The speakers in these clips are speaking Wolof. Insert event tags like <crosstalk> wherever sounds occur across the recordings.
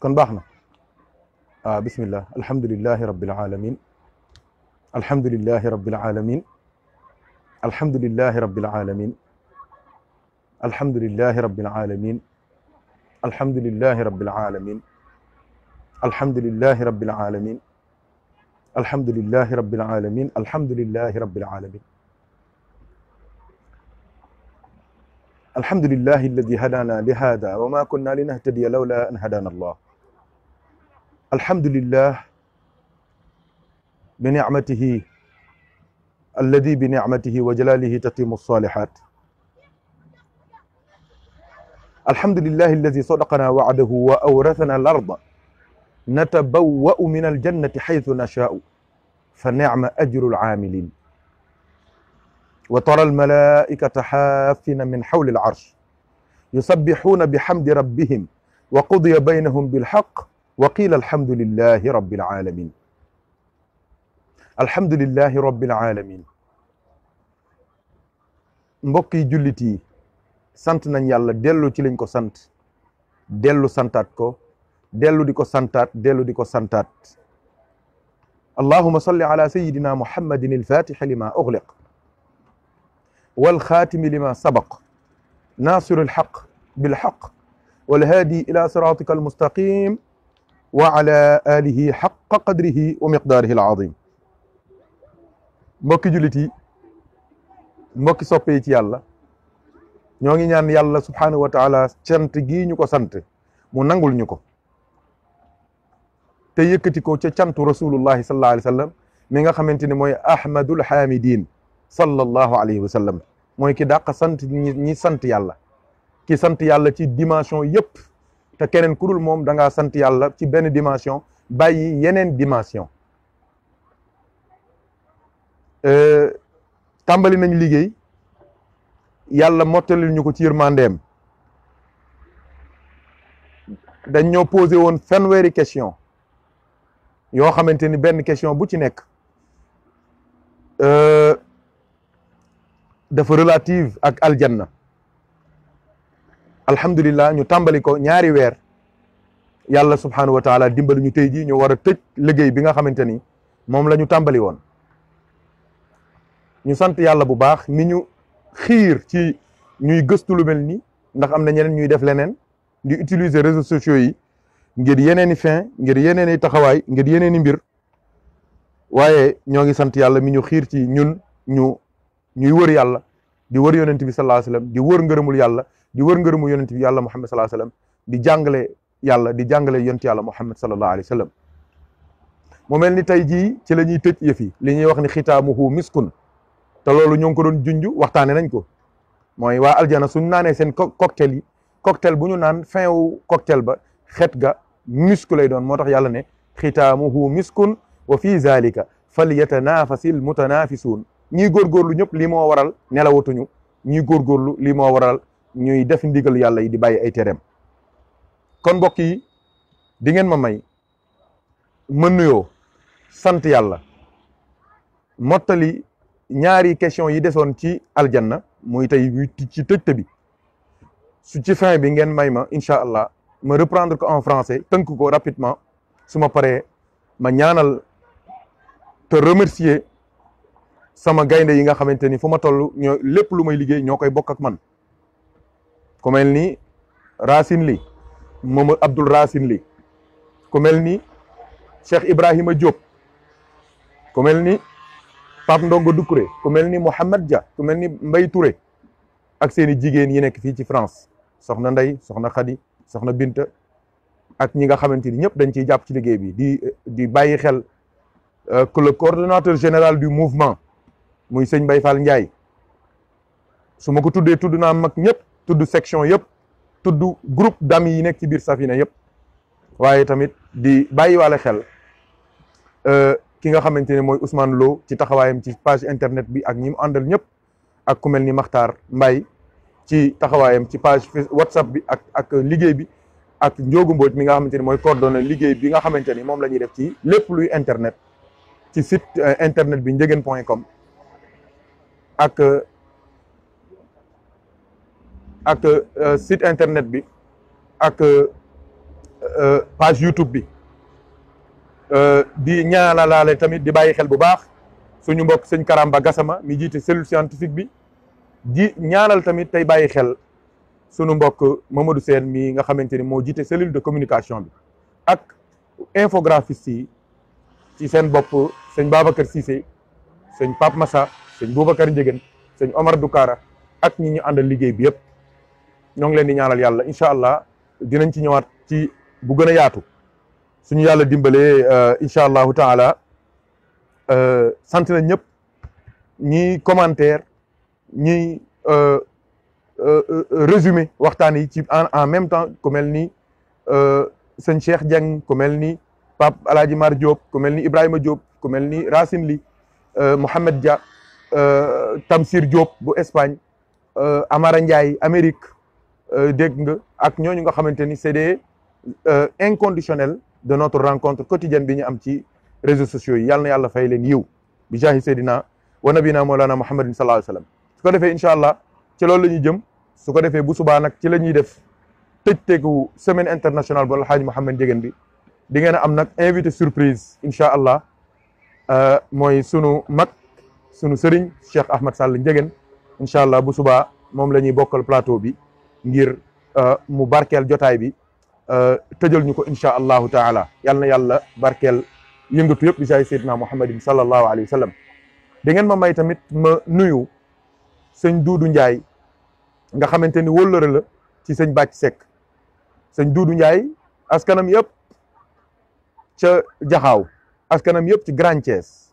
قنباحنا آه بسم الله الحمد لله رب العالمين الحمد لله رب العالمين الحمد لله رب العالمين الحمد لله رب العالمين الحمد لله رب العالمين الحمد لله رب العالمين الحمد لله رب العالمين الحمد لله رب العالمين الحمد لله الذي هدانا لهذا وما كنا لنهتدي لولا أن هدانا الله الحمد لله بنعمته الذي بنعمته وجلاله تتم الصالحات الحمد لله الذي صدقنا وعده وأورثنا الأرض نتبوأ من الجنة حيث نشاء فنعم أجر العاملين وترى الملائكة حافين من حول العرش يسبحون بحمد ربهم وقضي بينهم بالحق وقيل الحمد لله رب العالمين الحمد لله رب العالمين مبكي جلتي سنت نان دلو ديلو تي لنكو سنت دلو سنتات كو ديكو سنتات دلو ديكو سنتات اللهم صل على سيدنا محمد الفاتح لما أغلق والخاتم لما سبق ناصر الحق بالحق والهادي إلى صراطك المستقيم وعلى آله حق قدره ومقداره العظيم مكي جلتي مكي صبيت يالا نيوغي نيان يالا سبحانه وتعالى سنت جي نيوكو سنت مو نانغول نيوكو تي يكتي كو تي رسول الله صلى الله عليه وسلم ميغا خامنتيني موي احمد الحامدين صلى الله عليه وسلم موي كي داق سنت ني سنت يالا كي سنت يالا تي ديماسيون ييب te kenen ku mom da nga sant yalla ci ben dimension a yenen dimension euh, tambali nañ yalla ci yermandem dañ ñoo posé won de question yo xamanteni ben question bu ci euh, relative ak alhamdulillah ñu tàmbali ko ñaari weer yàlla subhanahu wa dimbali ñu tey jii ñu war a tëj liggéey bi nga xamante ni moom la ñu tàmbali woon ñu sant yàlla bu baax mi ñu xiir ci ñuy gëstu lu mel ni ndax am na ñeneen ñuy def leneen di utilise réseaux sociaux yi ngir yeneen i fin ngir yeneen i taxawaay ngir yeneen i mbir waaye ñoo ngi sant yàlla mi ñu xiir ci ñun ñu ñuy wër yàlla di wër yonent bi sallallahu alayhi wasallam di wër ngeerumul yàlla di wër ngërëmu yonent bi yàlla Muhammad sallallahu alayhi wasallam di jàngale yàlla di jàngale yonent yàlla Muhammad sallallahu alayhi wasallam mo melni tay ji ci lañuy tejj yefi li ñuy wax ni khitamuhu miskun ta lolu ñong ko doon junj waxtane nañ ko moy wa aljana suñ nané sen cocktail yi cocktail bu ñu naan fin wu cocktail ba xet ga misku lay doon motax yàlla ne khitamuhu miskun wa fi zalika falyatanafasil mutanafisun ñii góorgóorlu ñëpp lii moo waral nelawatuñu ñiy góorgóorlu lii moo waral ñuy def ndigal yàlla yi di bàyyi ay tereem kon mbokk yi di ngeen ma may ma nuyoo sant yàlla mottali ñaari question yi desoon ci aljanna muy tey ci tëjte bi su ci fin bi ngeen may ma incha allah ma reprendre ko en français tënk ko rapidement su ma paree ma ñaanal te remercier sama gaynde yi nga xamante ni fu ma toll ñoo lépp lu may liggéey ñoo koy bokk ak man ku mel ni Racine Ly moom Abdoul Racine Ly ku mel ni Cheikh Ibrahima Diop ku mel ni Pape Ndongo Doucouré ku mel ni Mouhamed ja ku mel ni Mbaye Touré ak seeni jigéen yi nekk fii ci France soxna Ndey soxna Khady soxna Binta ak ñi nga xamante ni ñëpp dañ ciy jàpp ci liggéey bi di di bàyyi xel euh, que le coordonnateur général du mouvement muy sëñ Baye Fall Ndiaye su ma ko tuddee tudd naa mag ñëpp tudd section yëpp tudd groupe d'amis yi nekk ci biir Safina yëpp waaye tamit di bàyyiwaale xel euh, ki nga xamante ne mooy Ousmane Lo ci taxawaayam ci page internet bi ak ñi mu àndal ñëpp ak ku mel ni Makhtar Mbaye ci taxawaayam ci page WhatsApp bi ak ak liggéey bi ak Ndiogu mboot mi nga xamante ni mooy coordonné liggéey bi nga xamante ni moom la ñuy def ci lépp luy internet ci site euh, internet bi njegen point com ak ak euh, site internet bi ak euh, page YouTube bi euh, di ñaanalaale tamit di bàyyi xel bu baax suñu mbokk sëñ Karamba Gassama mi jiite cellule scientifique bi di ñaanal tamit tey bàyyi xel suñu mbokk Mamadou seen mi nga xamante ni moo jiite cellule de communication bi ak infographiste yi ci seen bopp sëñ Babacar Cissé sëñ Pape Massa sëñ Boubacar Ndiéguène sëñ Omar Dukaara ak ñi ñu àndal liggéey bi yëpp ñoo ngi leen di ñaanal yàlla incha allah dinañ ci ñëwaat ci bu gën a yaatu suñu yàlla dimbalee euh, incha allahu taala euh, sant nañ ñëpp ñi commentaire ñi euh, résumé waxtaan yi ci en en même temps ku mel ni sëñ Cheikh Dieng ku mel ni Pape El Mar Diop ku mel ni Ibrahima Diop ku mel ni Racine Ly Mouhamed Dia. Euh, Tamsir Diop bu Espagne euh, Amara Ndiaye Amérique euh, dégg nga ak ñooñu nga xamante ni c'est des inconditionnels de notre rencontre quotidienne bi ñu am ci réseaux sociaux yi yàlla na fay leen yiw bi jaahi seydina wa nabina moolana muhammadin sallallahu alayhi wa sallam su ko defee incha allah ci loolu la ñuy jëm su ko defee bu subaa ci la ñuy def tëj teegu semaine internationale bu alxaaji Mouhamed Ndiéguène bi di ngeen a am nag invité surprise incha allah mooy sunu mag sunu sëriñ Cheikh Ahmad Sall Ndiéguène incha allah bu subaa moom la ñuy bokkal plateau bi ngir euh, mu barkeel jotaay bi euh, tëjal ñu ko incha allah taala yal na yàlla barkeel yëngatu yëpp bi jaay Seydina Muhammadin sallallahu alayhi wa sallam ngeen ma may tamit ma nuyu sëñ Duudu Njaay nga xamante ni wóllëre la ci sëñ Bàcc Sekk sëñ Duudu Njaay askanam yëpp ca Jaxaaw askanam yëpp ci Grand Thiès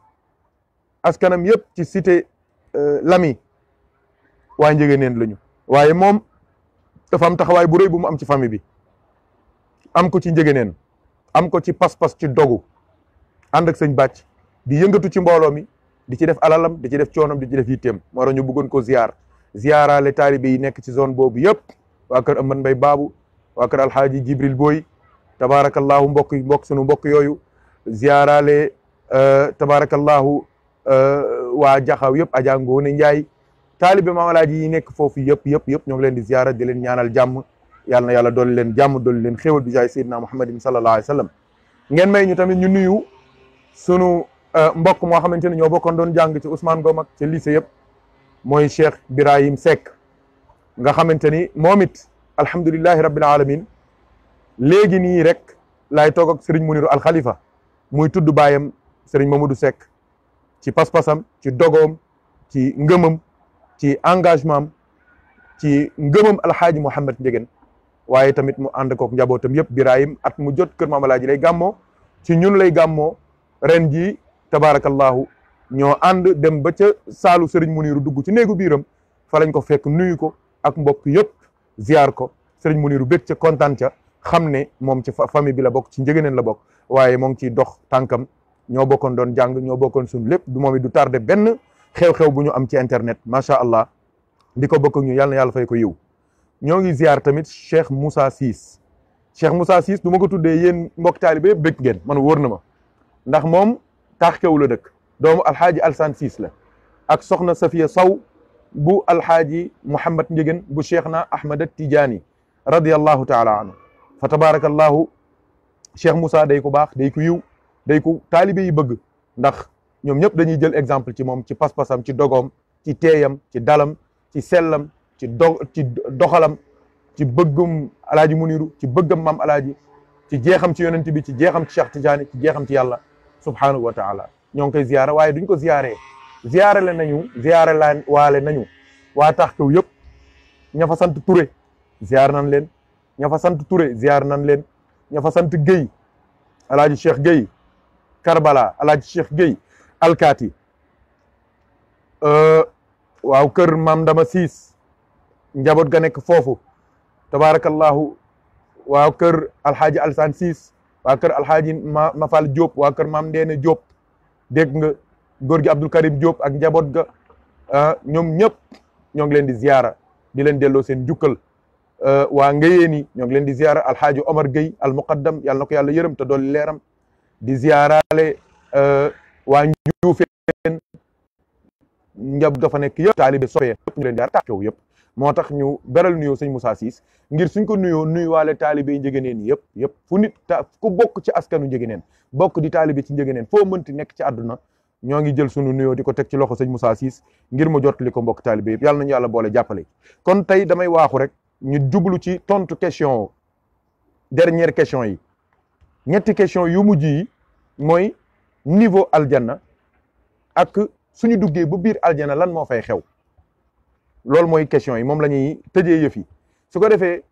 askanam yëpp ci cité euh, Lamy waaye njëgëneen lañu waaye moom dafa am taxawaay bu rëy bu mu am ci famille bi am ko ci neen am ko ci pas-pas ci dogu ànd ak sëñ bàcc di yëngatu ci mbooloo mi di ci def alalam di ci def coonam di ci def yitteem moo tax ñu bëggoon ko ziar ziaraale taalibe yi nekk ci zone boobu yëpp waa kër Amman Mbay Baabu waa kër Alxaaji Jibril Boy tabaarakallahu mbokk mbokk sunu mbokk yooyu ziaraale euh, tabaarakallahu Euh, waa jaxaw yëpp Adja Ngoone Njaay taalibe Maam Alaaji yi nekk foofu yëpp yëpp yëpp ñoo ngi leen di ziyaara di leen ñaanal jàmm yàlla yàlla dooli leen jàmm dooli leen xéewal bi jaay Seydina Muhammadin sallallahu alayhi wa sallam ngeen may ñu tamit ñu nuyu sunu euh, mbokk moo xamante ne ñoo bokkoon doon jàng ci Ousmane Ngom ak ci lycée yëpp mooy Cheikh Birahim Seck nga xamante ni moom it alhamdulillahi rabbil alamin léegi nii rek laay toog ak Serigne Muniru Al Khalifa muy tudd baayam Serigne Mamadou Seck ci pas-pasam ci dogoom ci ngëmam ci engagement ci ngëmam alxaaji Mouhamed jegen waaye tamit mu ànd kook njabootam yëpp Birahim at mu jot kër Maam Alaaji lay gàmmoo ci ñun lay gàmmoo ren jii tabaarakallahu ñoo ànd dem ba ca saalu mu Muniru dugg ci néegu biiram fa lañ ko fekk nuyu ko ak mbokk yëpp ziar ko seriñ mu Muniru bég ca kontaan ca xam ne moom ci famille bi la bokk ci Ndiéguèneen la bokk waaye moo ngi ciy dox tànkam ñoo bokkoon doon jàng ñoo bokkoon suñu lépp du moom it du tardé benn xew-xew bu ñu am ci internet macha allah di ko bokk ak ñu yàlla na yàlla fay ko yiw ñoo ngi ziar tamit Cheikh Moussa Ciss Cheikh Moussa Ciss du ma ko tuddee yéen mbokk taalibe yëpp bëgg ngeen man wóor na ma ndax moom taax la dëkk doomu alxaaji Alsan Ciss la ak soxna Safiya Sow bu alxaaji Mouhamed Ndiéguène bu Cheikh na Ahmed Tidiane radiyallahu taala anhu fa tabaarakallahu Cheikh Moussa day ko baax day ko yiw day ku taalibe yi bëgg ndax ñoom ñëpp dañuy jël exemple ci moom ci pas-pasam ci dogoom ci teeyam ci dalam ci sellam ci do ci doxalam ci bëggum alaaji muniru ci bëggam mam alaaji ci jeexam ci yonent bi ci jeexam ci Cheikh Tidiane ci jeexam ci yàlla subhanahu wa taala ñoo ngi koy ziyaara waaye duñ ko ziyaaree ziyaare la nañu ziyaare la waale nañu waa tax kaw yëpp ña fa sant Touré ziyaar nan leen ña fa sant Touré ziyaar nan leen ña fa sant Guèye alaaji Cheikh Guèye Karbala El Hadj Cheikh alkaati euh, waaw kër maam dama siis njaboot ga nekk foofu tabaarakallahu waaw kër alhaaji alsan siis waa kër alhaaji ma mafal Diop waa kër maam ndeene Diop dégg nga góor gi Abdul Karim Diop ak njaboot ga euh, ñoom ñëpp ñoo ngi leen di ziyaara di leen delloo seen njukkal euh, waa Ngéyeen yi ñoo ngi leen di ziyaara alhaaji Omar Gueye al muqaddam na ko yàlla yërëm te dool leeram di ziyaaraale eh, waa Njuufeen njab dafa nekk yëpp taalibe soppee yëpp ñu leen jaar taax yëpp moo tax ñu beral nuyoo sëñ Moussa siis ngir suñ ko nuyoo nuyuwaale taalibe njëgëneen yëpp yëpp fu nit ku bokk ci askanu njëgëneen bokk di taalibe ci njëgëneen foo mënti nekk ci adduna ñoo ngi jël suñu nuyoo di ko teg ci loxo sañ Moussa siis ngir mu jotali ko mbokk taalibe yëpp yàlla nañu yàlla boole jàppale kon tey damay waaxu rek ñu jublu ci tontu question dernière question yi ñetti question yu mujj yi mooy niveau aljanna ak suñu duggee bu biir aljanna lan moo fay xew loolu mooy question yi moom la ñuy tëjee yëf yi su ko defee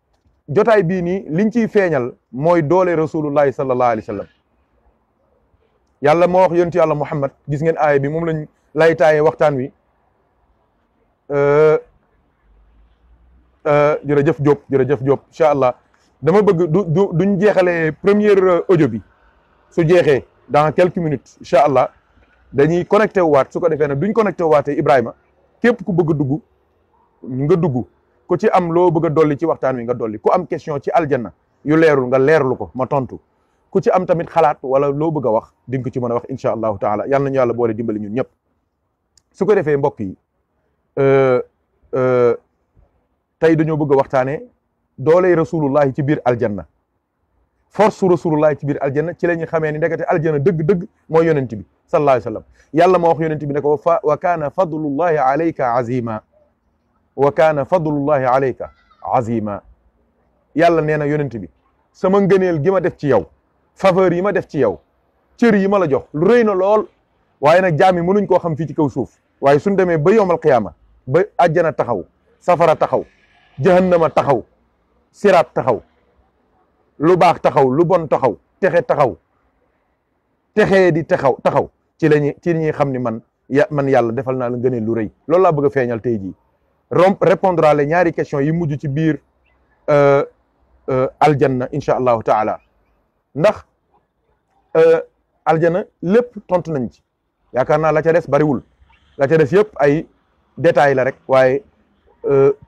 jotaay bii nii liñ ciy feeñal mooy doole rasulullahi sallallahu alayhi wa sallam yàlla moo wax yontu yàlla muhammad gis ngeen aaya bi moom lañ lay waxtaan wi euh, euh, jërëjëf Diop jërëjëf Diop incha allah dama bëgg du du duñ jeexale première euh, audio bi su jeexee dans quelques minutes incha allah dañuy connecté waat su ko defee nag duñ connecté waatee Ibrahima képp ku bëgg a dugg nga dugg ku ci am loo bëgg a dolli ci waxtaan wi nga dolli ku am question ci aljanna yu leeru nga leerlu ko ma tontu ku ci am tamit xalaat wala loo bëgg wax di ko ci mën a wax incha allahu taala yal nañu yàlla boole dimbali ñun ñëpp su ko defee mbokk yi euh, euh, tey dañoo bëgg a waxtaanee. dooley rasulullahi ci biir aljanna force rasulullahi ci biir aljanna ci la ñuy xamee ni ndekete aljanna dëgg-dëgg mooy yonent bi sallallahu alayhi wa sallam yàlla moo wax yonent bi ne ko fa wa kaana fadlullahi alayka azima wa kaana fadlullahi alayka azima yàlla nee na yonent bi sama ngëneel gi ma def ci yow faveur yi ma def ci yow cër yi ma la jox lu rëy na lool waaye nag jaam yi mënuñ koo xam fii ci kaw suuf waaye suñ demee ba yowmal qiyaama ba àjjana taxaw safara taxaw jahannama taxaw sirat taxaw lu bax taxaw lu bon taxaw texe taxaw texe di taxaw taxaw ci la ci ñi xamni man ya man yàlla defal na la gëne lu reuy lool la bëgg feñal tay ji jii romp répondre la ñaari questions yi mujj ci bir euh euh aljanna incha allahu taala ndax euh aljanna lépp tontu nañ ci yaakaar naa la ca des bariwul la ca des yëpp ay détail la rek waaye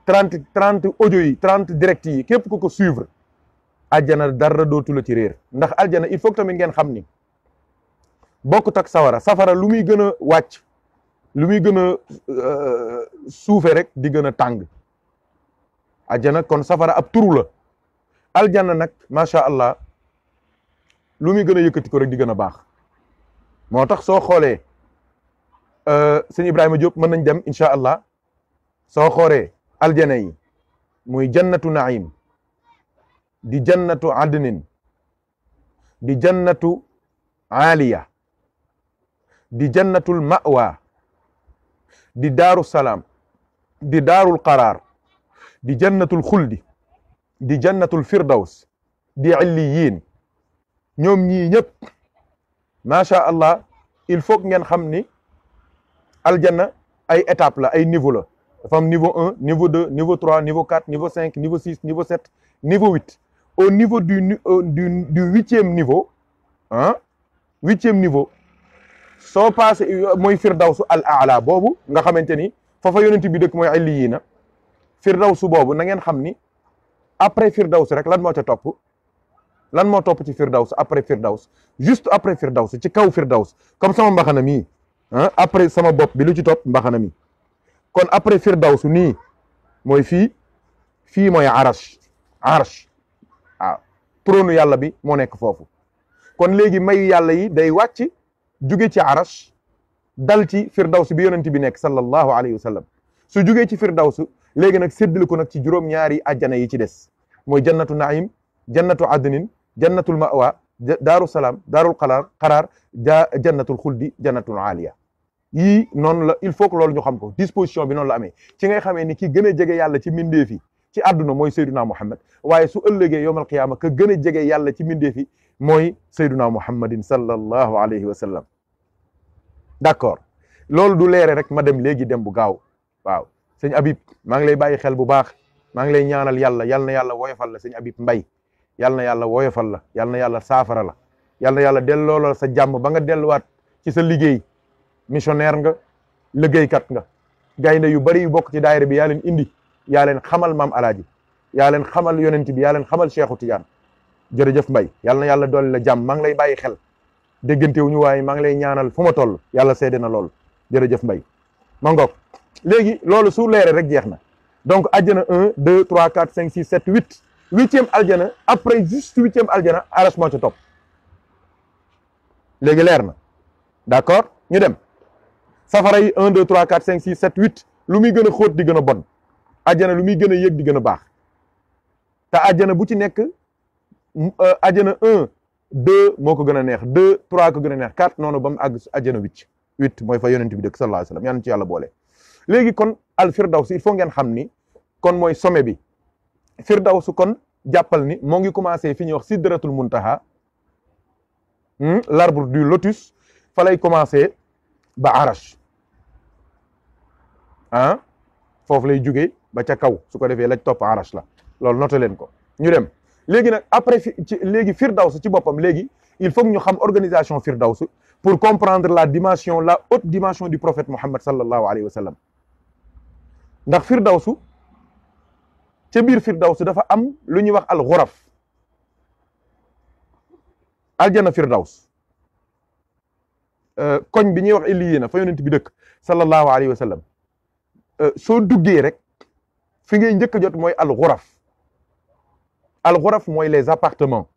trent trent audio yi trente direct yi képp ku ko suivre aljana dara dootu la ci réer ndax aljana il faut tamit ngeen xam ni bokkut ak sawara safara lu muy gën a wàcc lu muy gën a euh, suufe rek di gën a tàng aljana kon safara ab turu la aljana nag macha allah lu muy gën a yëkkati rek di gën a baax moo tax soo xoolee euh, sëñ Ibrahima Diop mën nañ dem incha allah soo xoolee aljana yi muy jannatu naim di jannatu adnin di jannatu aaliya di jannatul mawa di daaru salaam di daarul qaraar di jannatul xuldi di jannatul firdaws di illiyin ñoom ñii ñëpp macha allah il faut ngeen xam ni aljanna ay étape la ay niveau niveau 1, niveau 2, niveau 3, niveau 4, niveau 5, niveau 6, niveau 7, niveau 8. au niveau du euh, du du huitième niveau 8 hein, huitième niveau so passé suis euh, firdawsu al aala Bobu, nga xamanteni, ni yonenti bi dëkk moy aliyina. firdawsu bobu, na ngeen xamni après firdawsu rek lan mo ci top? lan mo top ci Firdaus après Firdaus juste après Firdaus, ci kaw firdaws comme sama mbaxana mi hein, après sama bop bi lu ci top mi kon après firdawsu nii mooy fii fii mooy arsh arsh waaw trône yàlla bi moo nekk foofu kon léegi may yàlla yi day wàcc juge ci arsh dal ci firdawsu bi yonent bi nekk sallallahu alayhi wa sallam su jugee ci firdawsu léegi nag séddal ko nag ci juróom-ñaari ajjana yi ci des mooy jannatu naim jannatu adnin jannatul mawa daaru salaam daarul qaraar qaraar jannatul xuldi jannatul aaliya yii noonu la il faut que loolu ñu xam ko disposition bi noon la amee ci ngay xamee ni ki gën a jege yàlla ci mbindeef yi ci àdduna mooy Seyduna Muhammad waaye su ëllëgee yoom qiyaama ka gën a jege yàlla ci mbindeef yi mooy Seyduna Muhammadin sallallahu alayhi wa sallam d'accord loolu du leere rek ma dem léegi dem bu gaaw waaw sëñ Habib maa ngi lay bàyyi xel bu baax maa ngi lay ñaanal yàlla yalla na yàlla woyofal la sëñ Habib mbay yal na yàlla woyofal la yal na yàlla saafara la yal yàlla delloo sa jàmm ba nga delluwaat ci sa liggéey missionnaire nga liggéeykat nga gaynde yu bari yu bokk ci daayira bi yaa leen indi yaa leen xamal maam alaaji yaa leen xamal yonent bi yaa leen xamal Cheikhu Tidiane jërëjëf mbay yàlla na yàlla dolli la jàmm maa lay bàyyi xel déggante ñu waaye maa ngi lay ñaanal fu ma toll yàlla seede na lool jërëjëf mbay ma ngoog léegi loolu su leere rek jeex na donc aljana un deux trois quatre cinq six sept huit huitième aljana après juste huitième aljana aras moo ca topp léegi leer na d'accord ñu dem safara yi 1 2 3 4 5 6 7 8 lu muy gën di gëna bon aljana lu muy gën di gëna bax ta aljana bu ci nekk aljana euh, 1 2 moko gëna neex 2 3 ko gëna neex 4 nonu bam ag aljana 8 8 mooy fa yonent bi dekk sallallahu alayhi wasallam yalla ci yalla boole. léegi kon al firdaws il faut ngeen xamni kon moy sommet bi firdaws kon jappal ni mo ngi commencé fi wax sidratul muntaha hmm, l'arbre du lotus fa lay commencer ba ها فوف لي جوغي با تا كاو سوكو ديفي ko defee lañ لا لول نوتو لين كو ني ko ñu dem ابري nag après ci léegi firdaws ci il faut ñu xam organisation firdaws pour comprendre la dimension la haute dimension du prophète mohammed sallalahu alayhi wa sallam ndax firdaws ci bir firdaws dafa am lu ñuy wax al ghuraf aljana firdaws Euh, koñ bi ñuy wax iliyina fa yonent bi dekk sallallahu alayhi wa sallam euh, soo duggee rek fi ngay jot moy Al ghuraf al ghuraf moy les appartements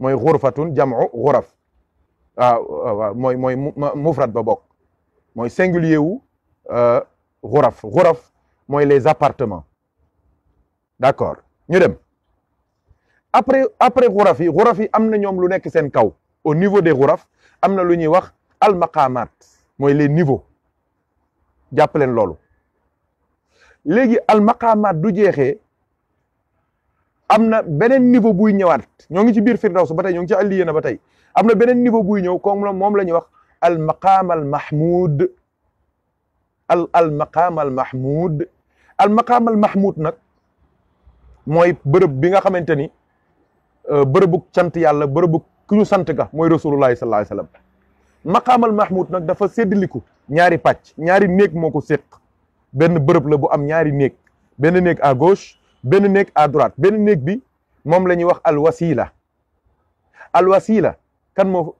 moy xurfatun jamu ghuraf ah, ah, waaw waaw moy mufrad ba bok moy singulier wu euh, ghuraf ghuraf moy les appartements d'accord ñu dem après après ghurafi ghurafi amna ñom lu nekk sen kaw au niveau des ghuraf amna lu ñuy wax al mooy les niveau jàpp leen loolu léegi al maqaamaat du jeexee am na beneen niveau guy ñëwaat ñoo ngi ci biir su ba tey ñoo ngi ci àlliyéena ba tey am na beneen niveau guy ñëw comme la moom la ñuy wax al maqaam al mahmud al al maqaam al mahmud al maqaam al nag mooy bërëb bi nga xamante ni euh, bërëbug cant yàlla bërëbug ku ñu sant ga mooy rasulullahi sallallahu alayhi maqaamal mahmoud nag dafa séddaliku ñaari pàcc ñaari néeg moo ko séq benn bërëb la bu am ñaari néeg benn néeg à gauche benn néeg à droite benn néeg bi moom la ñuy wax alwasila alwasila kan moo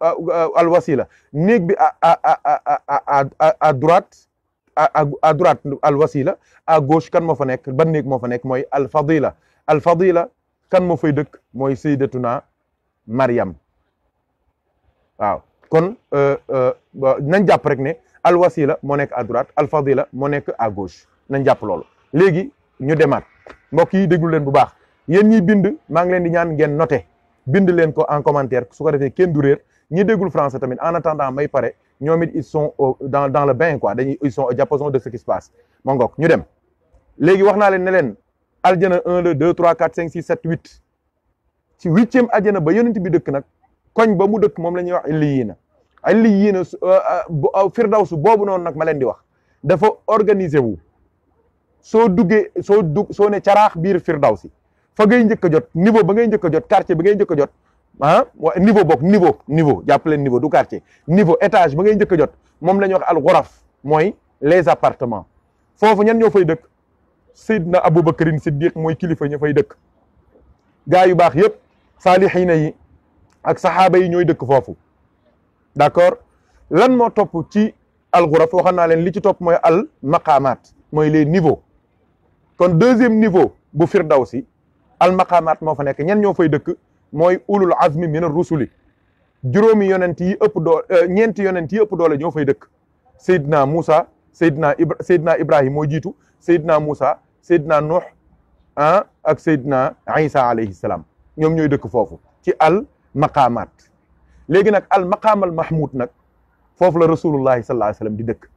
alwasila néeg bi à à à à droite à à droite alwasila à gauche kan moo fa nekk ban néeg moo fa nekk mooy alfadila alfadila kan moo fay dëkk mooy sayyidatuna Maryam waaw kon euh, euh, nañ jàpp rek ne al wasila moo nekk à droite al fadila moo nekk à gauche nañ jàpp loolu léegi ñu demaat mbokk yi déglu leen bu baax yéen ñiy bind maa ngi leen di ñaan ngeen noté bind leen ko en commentaire su ko defee kenn du réer ñi déggul français tamit en attendant may pare ñoom it ils sont dans le bain quoi dañu ils sont au diapason de ce qui se passe ma ñu dem léegi wax naa leen ne leen aljana un le deux trois quatre cinq six sept huit ci huitième aljana ba yonent bi dëkk nag koñ ba mu dëkk moom la ñuy wax illiyiina illiyiina su euh, euh, euh, boobu noonu nag ma leen di wax dafa organiser wu soo duggee soo dugg soo ne caraax biir firdawsi fa ngay njëkk a jot niveau ba ngay njëkk jot quartier ba ngay njëkk a jot ah niveau boog niveau niveau jàppaleen niveau du quartier niveau étage ba ngay njëkk a jot moom la ñuy wax al xuraf mooy les appartements foofu ñan ñoo fay dëkk na Seydina Aboubacarine Siddiq mooy kilifa ñoo fay dëkk gaa yu baax yëpp saalixiina yi ak saxaaba yi ñooy dëkk foofu d' accord lan moo topp ci alxuraf waxoon naa leen li ci topp mooy al makamaat mooy les niveau kon deuxième niveau bu firdawsi al maqaamaat moo fa nekk ñen ñoo fay dëkk mooy ulul azmi min rusuli juróomi yonent yi ëpp doole euh, ñeenti yonent yi ëpp doole ñoo fay dëkk Seydina Moussa Seydina Ibra Seydina Ibrahima moo jiitu Seydina Moussa Seydina Nuux ah ak Seydina Isa alayhi salaam ñoom ñooy dëkk foofu ci al maqaamaat léegi nag al maqaamal mahmud nag foofu la rasulullahi sallallahu alayhi wa di dëkk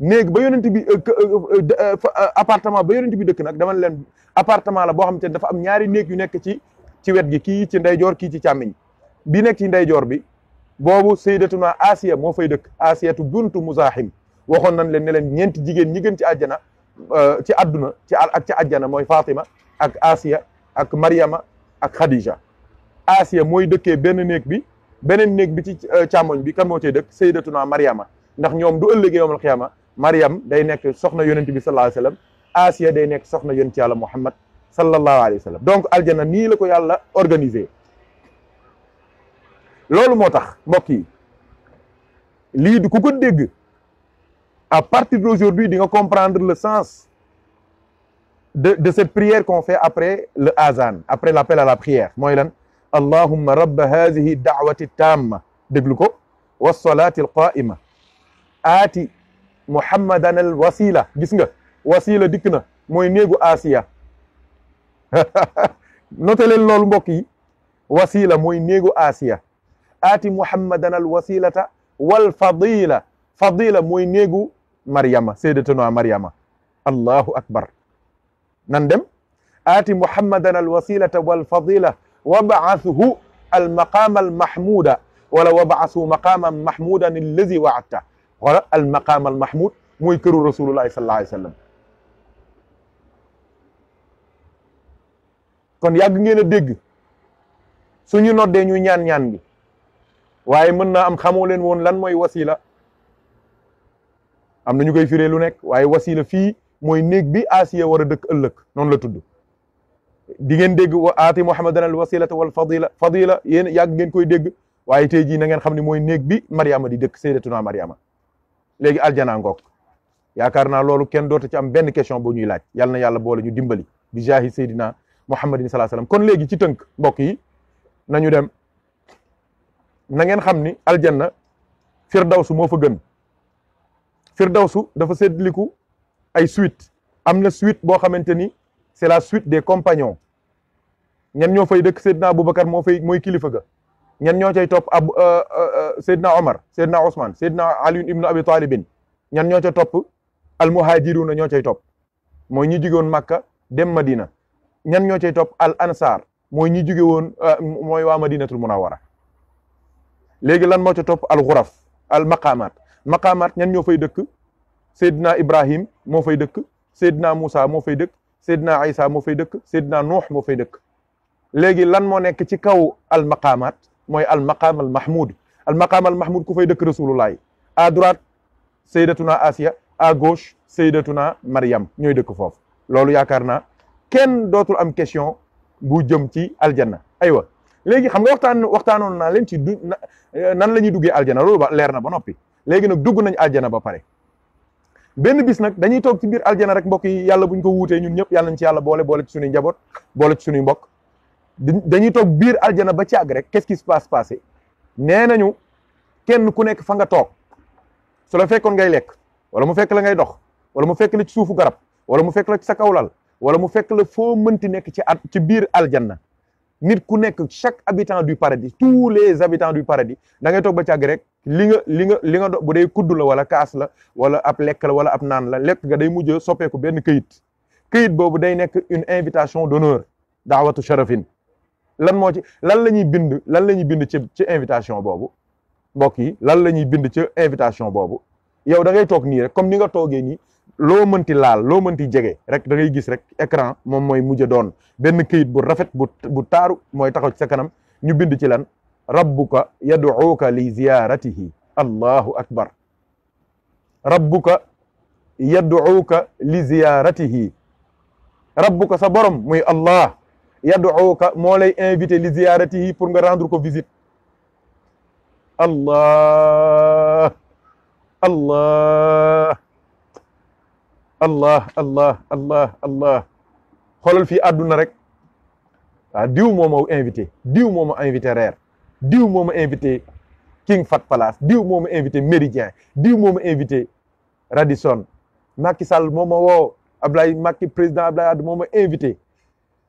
néeg ba yonent bi euh, euh, euh, appartement ba yonent bi dëkk nag dama leen appartement la boo xam te ne dafa am ñaari néeg yu nekk ci ci wet gi kii ci ndeyjoor kii ci càmmiñ bi nekk ci ndeyjoor bi boobu na Asiya moo fay dëkk Asiyatu buntu Muzaahim waxoon nañ leen ne leen ñeenti jigéen ñi gën ci àjjana ci àdduna ci ak ci àjjana mooy Fatima ak Asiya ak Mariama ak Khadija Asiya moy dëkkee ben nek bi benen nek bi ci euh, chamoñ bi kan mo cay dëkk sayyidatuna Mariama ndax ñom du ëllëgë yawmal xiyaama Mariam day nek soxna yonent bi sallallahu alayhi wasallam Asiya day nek soxna yonent yàlla Muhammad sallallahu alayhi wasallam donc aljana ni la ko yàlla organisé loolu moo tax mbokk yi lii du ku ko dégg à partir d'aujourd'hui di nga comprendre le sens de de cette prière qu'on fait après le azan après l'appel à la prière mooy lan allahumma rabba hadihi daawati tamma déglu ko wasalaati alqaima aati muhammadan al wasila gis nga wasila dikk na mooy néegu asiya <laughs> noté leen loolu mbokk yi wasila mooy néegu asiya aati muhammadan al wasilata wal fadila fadila mooy néegu mariama sayyidatuna mariama allahu akbar nan dem aati muhammadan al wasilata wal fadila وابعثه المقام المحمود wala wabaasu maqaaman mahmudan allazi waadta wala al maqaam al mahmud mooy këru rasulullahi sallallahu alayhi wa sallam kon yàgg ngeen a dégg suñu noddee ñu ñaan-ñaan bi waaye mën naa am xamoo leen woon lan mooy wasila am na ñu koy firee lu nekk waaye wasila fii mooy néeg bi Asiya war a dëkk ëllëg noonu la tudd di ngeen dégg wa aati muhammadan al wasilata wal fadila fadila yéen yàgg ngeen koy dégg way tey jii na ngeen xam ne mooy néeg bi mariama di dëkk sayyidatuna mariama léegi aljana ngoog yaakaar naa loolu kenn dootu ci am benn question boo ñuy laaj yal na yàlla boole ñu dimbali bi jaahi saydina muhammadin salaa salaam kon léegi ci tënk mbokk yi nañu dem na ngeen xam ni aljanna firdawsu moo fa gën firdawsu dafa séddliku ay suite am na suite boo xamante ni c'est la suite des compagnons ñan ñoo fay dëkk Seydina Aboubacar moo fay mooy kilifa ga ñan ñoo cay topp ab euh, euh, euh, Seydina Omar Seydina Ousmane Seydina Alioune Ibn Abi Talibin ñan ñoo ca topp al muhajiruna ñoo cay top mooy ñi jugewoon Makka dem Madina ñan ñoo cay topp al ansar mooy ñi juge woon mooy waa Madinatul Munawwara léegi lan moo ca topp al xuraf al maqaamaat maqaamaat ñan ñoo fay dëkk Seydina Ibrahim moo fay dëkk Seydina Moussa moo fay dëkk Seydina Isa moo fay dëkk Seydina Nuux moo fay dëkk léegi lan moo nekk ci kaw al maqaamaat mooy al maqaam al mahmoud al maqaam al mahmoud ku fay dëkk rasulullah à droite Seydatuna Asiya à gauche Seydatuna Mariam ñooy dëkk foofu loolu yaakaar naa kenn dootul am question bu jëm ci aljanna aywa léegi xam nga waxtaan waxtaanoon naa leen ci du nan la ñuy duggee aljanna loolu ba leer na ba noppi léegi nag dugg nañ aljanna ba pare benn bis nag dañuy toog ci biir aljana rek mbokk yi yàlla buñ ko wutee ñun ñëpp yàlla nañ ci yàlla boole boole ci suñuy njaboot ci suñuy mbokk dañuy toog biir aljana ba ci àgg rek qu'est-ce qui passe passé nee nañu kenn ku nekk fa nga toog su la fekkoon ngay lekk wala mu fekk la ngay dox wala mu fekk la ci suufu garab wala mu fekk la ci sa kawlal wala mu fekk la foo mënti nekk ci at ci biir aljanna nit ku nek chaque habitant du paradis tous les habitants du paradis da ngay tok ba càgg rek li nga li nga li nga do bu dee kudd la wala kaas la wala ap lekk la wala ap naan la lekk nga day mujj ko ben keuyit keuyit bobu day nek une invitation d'honneur da'watu sharafin lan mo ci lan lañuy bind lan lañuy bind ci ci invitation bobu mbokk yi lan lañuy bind ci invitation bobu yow da ngay tok ni rek comme ni nga togué ni loo mënti laal loo mënti jege rek da gis rek écran moom mooy mujj doon benn kayit bu rafet bu bu taaru mooy taxaw ci sa kanam ñu bind ci lan rabbuka yaduuka li ziyaratihi allahu akbar rabbuka yaduuka li ziyaratihi rabbuka sa borom muy allah yaduuka moo lay invité li ziyaratihi pour nga rendre ko visite allah allah allah allah allah allah xoolal fii àdduna rek waaw diw moo ma invité diw moo ma invité reer diw mooma ma invité King Fat Palace diw moo ma invité Méridien diw mooma ma invité Radisson Macky Sall moo ma woo Ablaye Macky président Ablaye Wade moo ma invité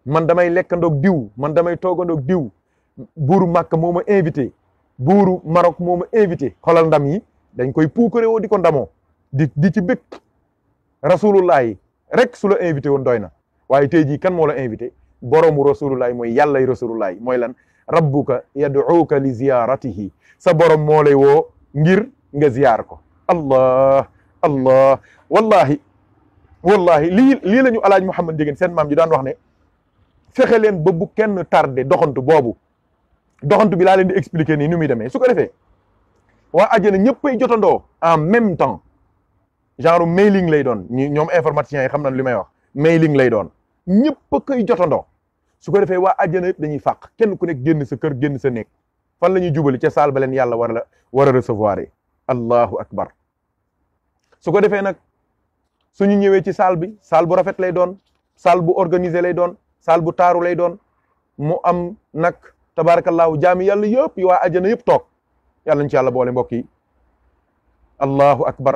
man damay lekkandoog diw man damay toogandoog diw buuru Makka mooma ma invité buuru Maroc moo ma invité xoolal ndam yi dañ koy puukarewoo di ko ndamoo di di ci bëgg rasulullah yi rek su la invité woon doy na waaye tey jii kan moo la invité boroomu rasulullah yi mooy yàllay rasulullah yi mooy lan rabbuka yad'uuka li ziyaratihi sa borom moo lay woo ngir nga ziyaar ko allah allah wallahi wallahi lii lii la ñu alaaj Mouhamad Ndiéguène seen maam ji daan wax ne fexe leen ba bu kenn tardé doxantu boobu doxantu bi laa leen di expliquer nii ni muy demee su ko defee waa àjjana ñëppay jotandoo en même temps genre mailing lay doon ñoom information yi xam na li may wax mailing lay doon ñëpp a koy jotandoo su ko defee waa àjjana yëpp dañuy fàq kenn ku nekk génn sa kër génn sa néeg fan la ñuy jubali ca saal ba leen yàlla war la war a recevoir yi allahu akbar su ko defee nag suñu ñëwee ci saal bi saal bu rafet lay doon saal bu organisé lay doon saal bu taaru lay doon mu am nag tabaarakallaahu jaami yàlla yëpp yi waa àjjana yëpp toog yàlla ñu ci yàlla boole mbokk yi allahu akbar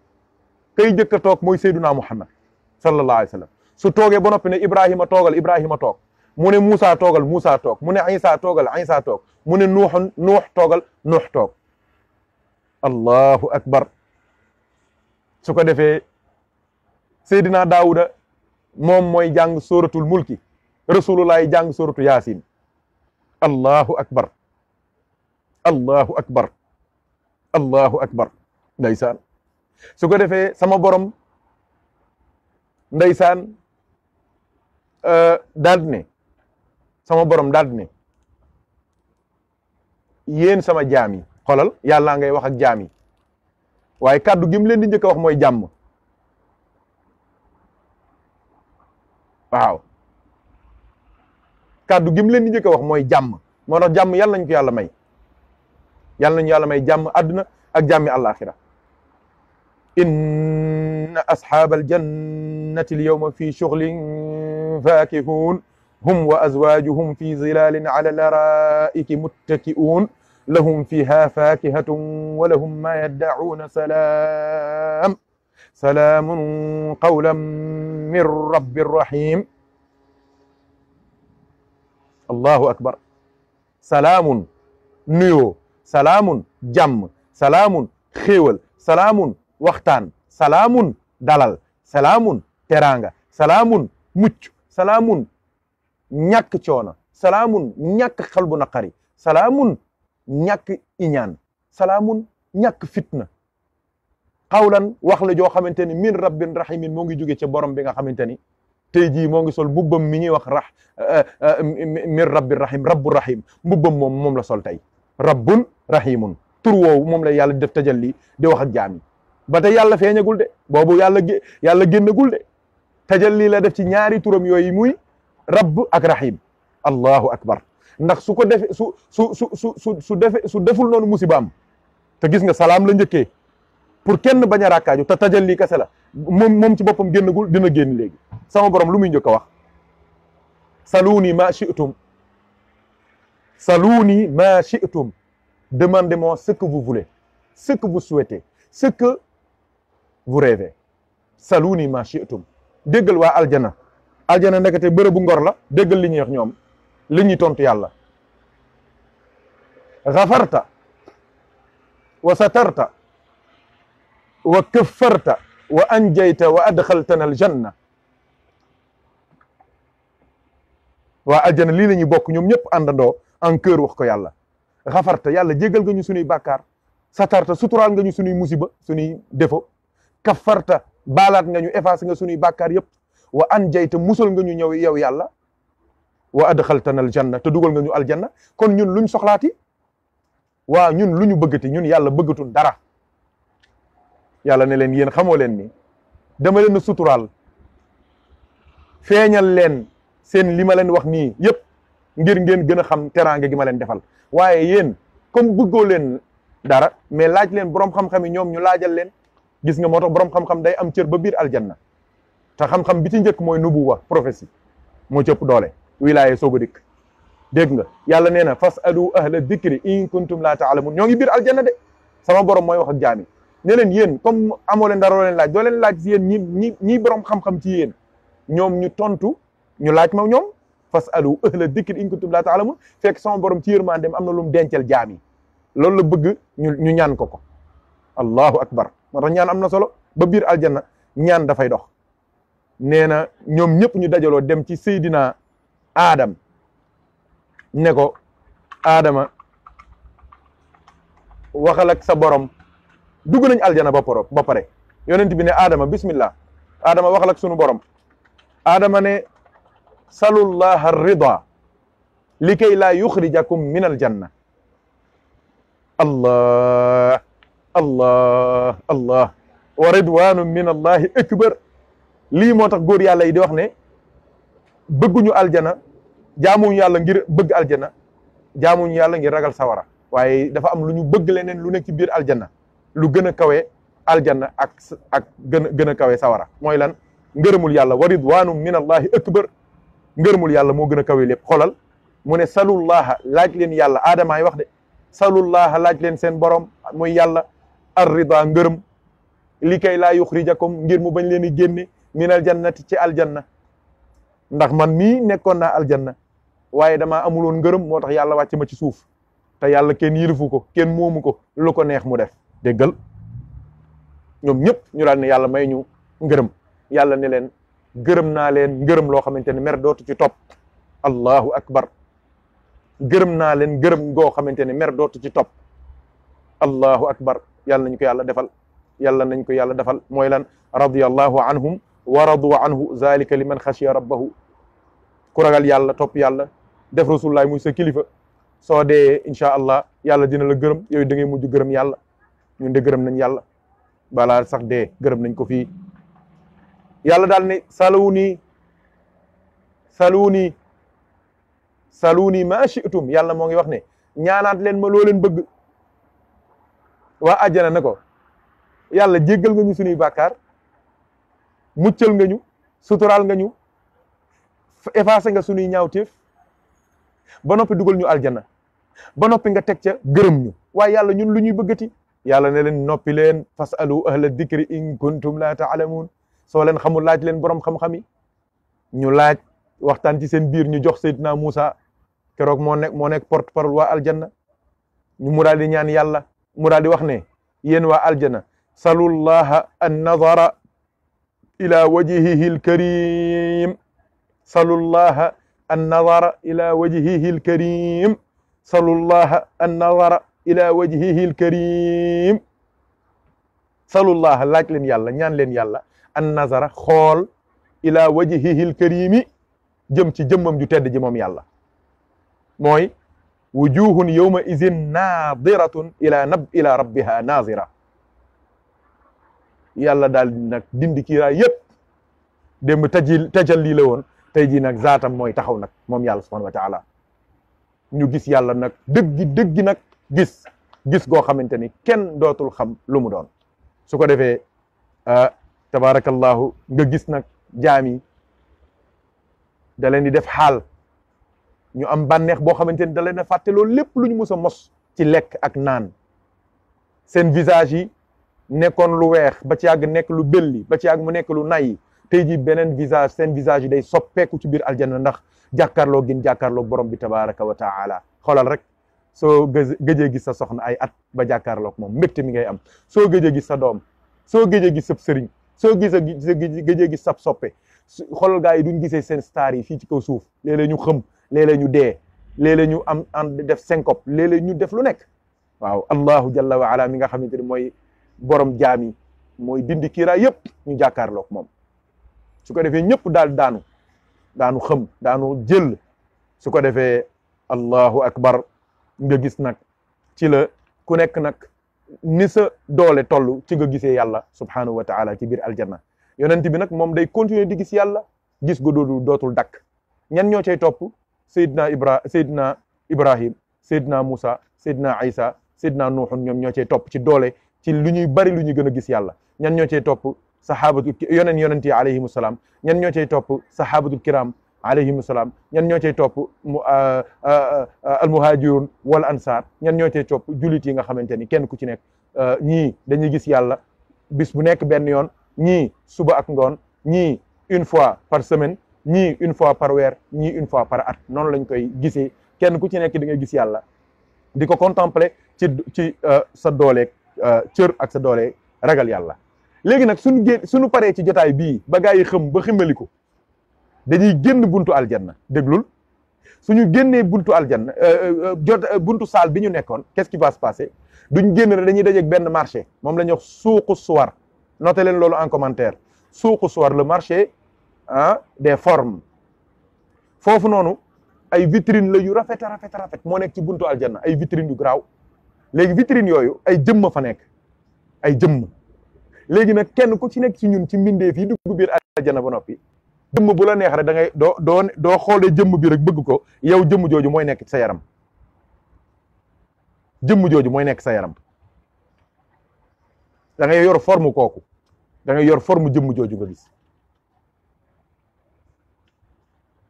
kay jëkk toog mooy Seyduna Muhammad sallallahu alayhi wa sallam su toogee ba noppi ne Ibrahima toogal Ibrahima toog mu ne Moussa toogal Moussa toog mu ne Isa toogal Isa toog mu ne Nuux Nuux toogal Nuux toog allahu akbar su ko defee Seydina Daawuda moom mooy jàng sóoratul mulki rasulullahi jàng sóoratu yaasin allahu akbar allahu akbar allahu akbar su ko defee sama borom ndeysaan euh, daal ne sama borom daal ne yéen sama jaam yi xolal yàlla ngay wax ak jaam yi waaye kàddu gim leen di njëkk a wax mooy jàmm waaw kàddu gi mu leen di njëkk wax mooy jàmm moo tax jàmm yàlla nañ ko yàlla may yàlla nañu yàlla may jàmm àdduna ak jàmmi àllaaxira إن أصحاب الجنة اليوم في شغل فاكهون هم وأزواجهم في ظلال على الأرائك متكئون لهم فيها فاكهة ولهم ما يدعون سلام سلام قولا من رب رحيم الله أكبر سلام نيو سلام جم سلام خيول سلام waxtaan salamun dalal salamun teranga, salamun mucc salamun ñak coono salamun ñak xalbu naqari salamun ñak salamun salamun ñak fitna qawlan wax la jo xamanteni min rabbin rahimin mo ngi joge ci borom bi nga xamanteni tey ngi sol bubbam mi ñi wax rah eh, eh, eh, min rabbir rahim rabbur rahim bubbam mom mom la sol tay. rabbun rahimun tur wo mom la yalla def tajalli di wax ak jami ba tey yàlla feeñagul de boobu yàlla yàlla génnagul de tajalli la def ci ñaari turom yooyu muy rabb ak rahim allahu akbar ndax su ko defee su su su su su su defe su deful noonu musibaam te gis nga salaam la njëkkee pour kenn bañ a rakkaaju te tajalli kese la moom moom ci boppam génnagul dina génn léegi sama borom lu muy njëkk a wax saluuni ma shi'tum saluuni ma shi'tum demandez-moi ce que vous voulez ce vous rêvez saluni ma shi'tum déggal waa aljana aljana ndekete bërëbu ngor la déggal li ñuy ñoom li ñuy tontu yàlla xafarta wa satarta wa këffarta wa anjayta wa adxaltana aljanna waa aljana lii la bokk ñoom ñëpp àndandoo en cœur wax ko yàlla xafarta yàlla jégal nga ñu sunuy bàkkaar satarta suturaal nga ñu sunuy musiba sunuy défaut kafarta balaat nga ñu effacé nga suñuy bàkkaar yëpp wa an jayta musal nga ñu ñëw yow yàlla wa adxaltana aljanna te dugal nga ñu aljanna kon ñun luñ soxlaati waa ñun lu ñu bëggati ñun yàlla bëggatul dara yàlla ne leen yéen xamoo leen ni dama leen a suturaal feeñal leen seen li ma leen wax nii yëpp ngir ngeen gën a xam teraanga gi ma leen defal waaye yéen comme bëggoo leen dara mais laaj leen boroom xam-xam yi ñoom ñu laajal leen gis nga moo tax borom xam-xam day am cër ba biir aljanna te xam-xam bi ci njëkk mooy nubuwa prophétie moo cëpp doole wilaaye soog a dikk dégg nga yàlla nee na fas alu ahla dikri in kuntum laa taalamun ñoo ngi biir aljanna de sama borom mooy wax ak jaami ne yéen comme amoo leen dara leen laaj doo leen laaj si ñi ñi borom xam ci yéen ñoom ñu tontu ñu laaj ma ñoom fas alu ahla dikri in kuntum laa taalamun fekk sama borom ci dem am na lu mu dencal jaami loolu la bëgg ñu ñu ñaan ko ko allahu akbar moo tax ñaan am na solo ba biir aljanna ñaan dafay dox nee na ñoom ñëpp ñu dajaloo dem ci Seydina Adam ne ko Adama waxal ak sa borom dugg nañ aljana ba poro ba pare yonent bi ne Adama bismillah Adama waxal ak sunu borom Adama ne salullaha rida li kay laa yuxrijakum min aljanna allah allah wa ridwanu min allahi akbar lii moo tax góor yàlla yi di wax ne bëgguñu aljana jaamuñu yàlla ngir bëgg aljana jaamuñu yàlla ngir ragal sawara waaye dafa am lu ñu bëgg leneen lu nekk ci biir aljana lu gën a kawe aljanna ak ak gën a gën a kawe sawara mooy lan ngërëmul yàlla wa ridwanum min allahi akbar ngërëmul yàlla moo gën a kawe lépp xoolal mu ne salullaha laaj leen yàlla aadamaay wax de salullaha laaj leen seen borom mooy yàlla arrida ngërëm li kay la laa yuxrijakum ngir mu bañ leen di génne min ti ci aljanna ndax man mii nekkoon naa aljanna waaye damaa amuloon ngërëm moo tax yàlla wàcc ma ci suuf te yàlla kenn yilifu ko kenn moomu ko lu ko neex mu def déggal ñoom ñëpp ñu daal yàlla may ñu ngërëm yàlla ne leen gërëm naa leen ngërëm loo xamante ne mer dootu ci topp allahu akbar gërëm naa leen gërëm goo xamante ne mer dootu ci topp allahu akbar yàlla nañ ko yàlla defal yàlla nañ ko yàlla defal mooy lan radiyallahu anhum wa radu anhu zalika liman xashiya rabbahu ku ragal yàlla topp yàlla def rasulullahi muy sa kilifa soo dee incha allah yàlla dina la gërëm yooyu da ngay mujj gërëm yàlla ñun de gërëm nañ yàlla balaa sax dee gërëm nañ ko fii yàlla daal ne saluuni saluuni saluuni ma shi'tum yàlla moo ngi wax ne ñaanaat leen ma loo leen wa aljana nako yalla djegal nga ñu suñu bakkar muccel nga ñu sutural nga ñu effacé nga suñu ñaawteef ba nopi duggal ñu aljana ba nopi nga tek ca gërëm ñu wa yalla ñun luñuy bëggati yalla ne leen nopi leen fasalu ahla dhikri in kuntum la ta'lamun so leen xamul laaj leen borom xam xami ñu laaj waxtan ci seen biir ñu jox sayyidina musa kérok mo nek mo nek porte parole wa aljanna ñu mu dal di ñaan yalla mu daal di wax ne yéen waa aljana salullaha an nadara ila wajhihi alkarim salullaha an nadara ila wajhihi alkarim salullaha an nadara ila wajhihi alkarim salullaha laaj leen yàlla ñaan leen yàlla an nazara xool ila wajhihi alkarimi jëm ci jëmmam ju tedd ji moom yàlla mooy وجوه يومئذ ناظرة إلى نب إلى ربها ناظرة yàlla daal nag dindi kiiraay yépp démb tajil tajal lii la woon tey jii nag zaatam mooy taxaw nag moom yàlla subhanahu wa taala ñu gis yàlla nag dëggi dëggi nag gis gis goo xamante ni kenn dootul xam lu mu doon su ko defee tabaarakallahu nga gis nag jaam yi da leen di def xaal ñu am bànneex boo xamante ni da leen na fàtte loolu lépp lu ñu mus a mos ci lekk ak naan seen visage yi nekkoon lu weex ba ci yàgg nekk lu belli ba ci yàgg mu nekk lu nay tey ji beneen visage seen visage yi day soppeeku ci biir aljanna ndax jàkkaarloo gin jàkkaarloo borom bi tabaraka wa taala xoolal rek soo gëjee gis sa soxna ay at ba jàkkaarloog moom mbégte mi ngay am soo gëjee gis sa doom soo gëjee gis sab sëriñ soo gis gëjee gis sab soppe xoolal gaa yi duñ gisee seen star yi fii ci kaw suuf léeg ñu xëm léeg ñu dee léeg ñu am am def syncope léeg ñu def lu nekk waaw allahu jalla wa ala mi nga xamante ni mooy borom jaam yi mooy dindi kiiraay yëpp ñu jàkkaarloog moom su ko defee ñëpp daal daanu daanu xëm daanu jël su ko defee allahu akbar nga gis nag ci la ku nekk nag ni sa doole toll ci nga gisee yàlla subhanahu wa taala ci biir aljanna yonent bi nag moom day continuer di gis yàlla gis gu dootul dakk ñan ñoo cay topp Seydina Ibra Seydina Ibrahim Seydina Moussa Seydina Aïssa Seydina Nuuxun ñoom ñoo cee topp ci doole ci lu ñuy bari lu ñu gën a gis yàlla ñan ñoo cee topp saxaabatu yoneen yonent yi alayhimu salaam ñan ñoo cey topp saxaabatul kiram alayhimu salaam ñan ñoo cey topp ah, ah, ah, almuhajirun wal ansar ñan ñoo cey topp julit yi nga xamante ni kenn ku ci nekk ñii dañuy gis yàlla bis bu nekk benn yoon ñii suba ak ngoon ñii une fois par semaine ñii une fois par weer ñii une fois par at noonu lañ koy gisee kenn ku ci nekk di nga gis yàlla di ko contempler ci ci euh, sa dooleeg euh, cër ak sa doolee ragal yàlla léegi nag suñu gén suñu paree ci jotaay bii ba gaa yi xëm ba ko dañuy génn buntu aljanna déglul suñu génnee buntu aljanna euh, jot buntu saal bi ñu nekkoon qu'est-ce qui va se passer duñ génn rek dañuy dajeek benn marché moom la ñuy wax suuqu suwar noté leen loolu en commentaire suuqu suwar le marché ah des formes foofu noonu ay vitrine la yu rafet rafet rafet moo nekk ci buntu aljanna ay vitrine yu garaaw léegi vitrine yooyu ay jëmm fa nekk ay jëmm léegi nag kenn ku ci nekk ci ñun ci mbindeef yi dugg biir aljanna ba noppi jëmm bu la neex rek da ngay doo doo doo xoolee jëmm bi rek bëgg ko yow jëmm jooju mooy nekk sa yaram jëmm jooju mooy nekk sa yaram da yor form kooku da yor forme jëmm jooju nga gis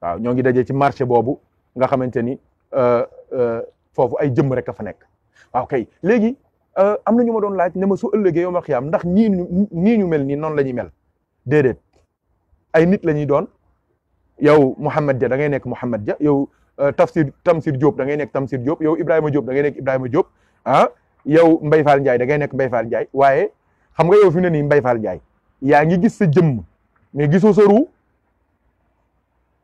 waaw ñoo ngi dajee ci marché boobu nga xamante ni euh, euh, foofu ay jëmm rek a fa nekk waaw kay léegi euh, am na ñu ma doon laaj ne ma su ëllëgee yow ma xiyaam ndax ñii ñu ñu mel nii noonu la ñuy mel déedéet ay nit la doon yow Mouhamed Dia da ngay nekk Mouhamed ja yow Tafsir Tamsir Diop da ngay nekk Tamsir Diop yow Ibrahima Diop da ngay nekk Ibrahima Diop ah yow Mbaye Fall Ndiaye da nekk Mbaye Fall Ndiaye waaye xam nga yow fi mu ne nii Mbaye Ndiaye yaa ngi gis sa jëmm mais gisoo sa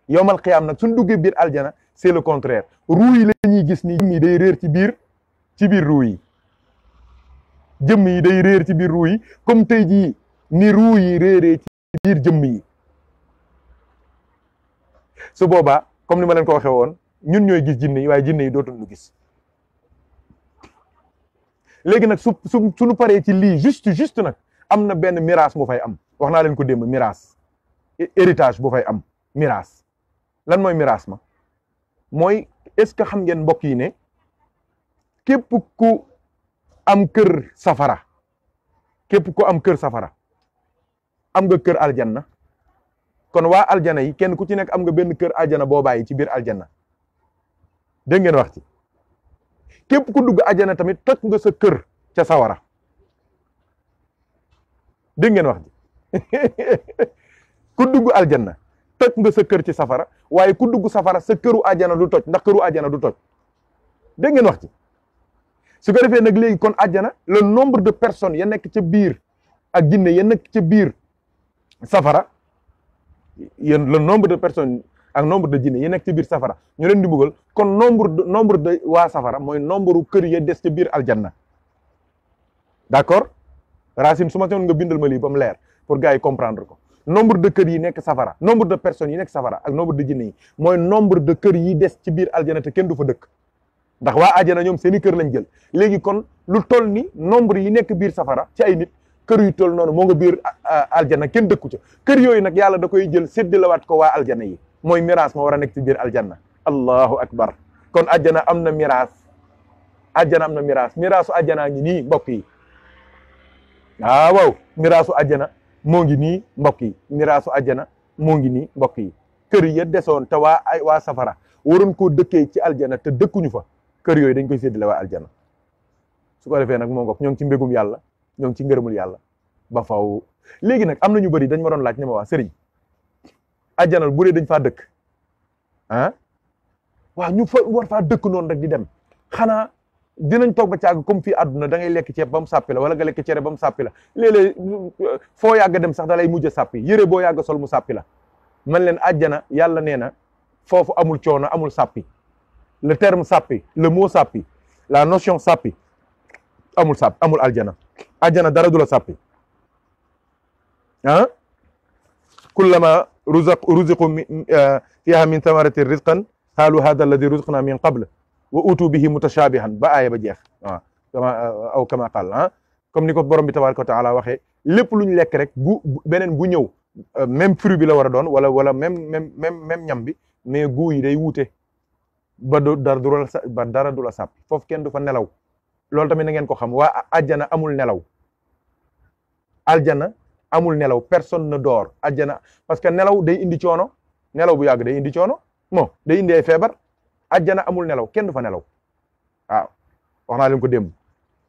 yowmal xiyaam nag suñ duggee biir aljana c'est le contraire ruu yi la ñuy gis ni jëmm day réer ci biir ci biir ruu yi jëmm yi day réer ci biir ruu yi comme tey jii ni ruu yi ci biir jëmm yi su boobaa comme ni ma leen ko waxee woon ñun ñooy gis jinne yi waaye jinne yi dootu ñu gis léegi nag su suñu paree ci lii juste juste nag am na benn miraas bu fay am wax naa leen ko démb miraas héritage bu fay am miraas lan mooy miraas ma mooy est-ce que xam ngeen mbokk yi ne képp ku am kër safara képp ku am kër safara am nga kër aljanna kon waa aljana yi kenn ku ci nekk am nga benn kër aljana boo bàyyi ci biir aljanna dégg ngeen wax képp ku dugg aljana tamit toj nga sa kër ca sawara dégg ngeen <laughs> ku dugg aljanna toj nga sa kër ci safara waye ku dugg safara sa këru aljana du toj ndax këru aljana du toj de ngeen wax ci su ko defé nak légui kon aljana le nombre de personnes ya nek ci bir ak ginné ya nek ci bir safara ya le nombre de personnes ak nombre de jinne ya nek ci bir safara ñu leen di bëggal kon nombre de nombre de wa safara moy nombre kër ya dess ci bir aljana d'accord accord racine su ma nga bindal ma li bam lèr pour gaay comprendre ko nombre de kër yi nekk safara nombre de personnes yi nekk safara ak nombre de jinne yi mooy nombre de kër yi des ci biir aljana te kenn du fa dëkk ndax waa aljana ñoom seen i kër lañ jël léegi kon lu toll ni nombre yi nekk biir safara ci ay nit kër yi toll noonu moo nga biir aljana kenn dëkku ca kër yooyu nag yàlla da koy jël séddalawaat ko waa aljana yi mooy miraas moo war nekk ci biir aljanna allahu akbar kon aljana am na miraas aljana am na miraas miraasu aljanaa ngi nii mbokk yi ah, waaw miraasu moo ngi nii mbokk yi miraasu ajjana moo ngi nii mbokk yi kër ya desoon te waa ay waa safara waroon koo dëkkee ci aljana te dëkkuñu fa kër yooyu dañ koy séddale waa aljana su ko defee nag moo ngoog ñoo ci mbégum yàlla ñoo ngi ci ngërëmul yàlla ba faw léegi nag am na ñu bëri dañ ma doon laaj ne ma waa seriñ ajjana bu dañ faa dëkk ah waa ñu fa war faa dëkk noonu rek di dem dinañ toog ba càgg comme fii àdduna da ngay lekk ceeb ba mu sàppi la wala nga lekk cere ba mu sàppi la léeg-léeg euh, foo yàgg dem sax da lay mujj a sàppi yére boo yàgg sol mu sàppi la man leen àjjana yàlla nee na foofu amul coono amul sàppi le terme sàppi le mot sàppi la notion sàppi amul sàppi amul aljana àjjana dara du la sàppi ah kullama ruzaqu ruziqu euh, fiha min thamaratin rizqan qaalu hada alladi ruziqna min qable wa utu bihi mutashabihan ba aaya ba jeex waaw kama aw kama qaal ah. comme ni ko borom bi ko wa taala waxee lépp lu ñu lekk rek gu beneen bu ñëw euh, même fruit bi la war a doon wala wala même même même même ñam bi mais gu yi day wuute ba du dara du la ba dara du la sàpp foofu kenn du fa nelaw loolu tamit na ngeen ko xam waa ajjana amul nelaw aljana amul nelaw personne ne dort ajjana parce que nelaw day indi coono nelaw bu yàgg day indi coono bon day indi ay feebar ajjana amul nelaw kenn du fa nelaw waaw waxna naa leen ko démb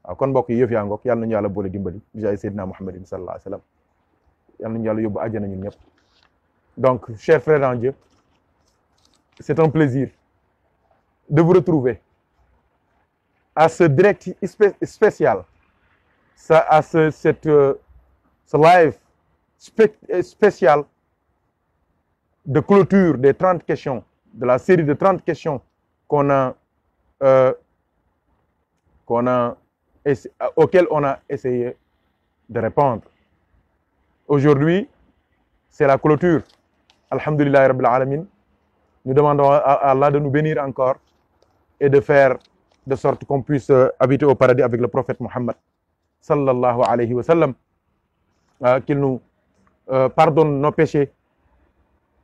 waaw kon mbokk yi ya ngok yalla yàlla nañu yàlla boole dimbali jaay Seydina Muhammadin sallallahu alayhi wa yalla yàlla nañu yàlla yóbbu ñun ñep donc chers frères en c'est un plaisir de vous retrouver à ce direct spécial ça à ce cette euh, ce live spécial de clôture des 30 questions de la série de 30 questions qu'on a, euh, qu'on a, auquel on a essayé de répondre. Aujourd'hui, c'est la clôture. Alhamdulillah Rabbil Alamin. Nous demandons à Allah de nous bénir encore et de faire de sorte qu'on puisse euh, habiter au paradis avec le prophète Mohammed sallallahu alayhi wa sallam. Euh, qu'il nous pardonne nos péchés,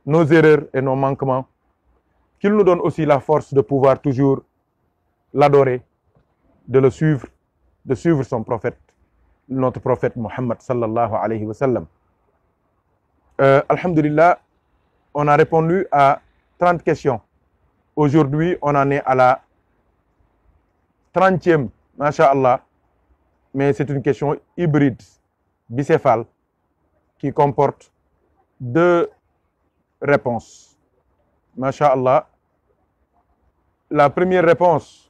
nos erreurs et nos manquements qu'il nous donne aussi la force de pouvoir toujours l'adorer, de le suivre, de suivre son prophète, notre prophète Mohammed sallallahu alayhi wa sallam. Euh, alhamdulillah, on a répondu à 30 questions. Aujourd'hui, on en est à la 30e, masha'Allah, mais c'est une question hybride, bicéphale, qui comporte deux réponses. Masha'Allah, la première réponse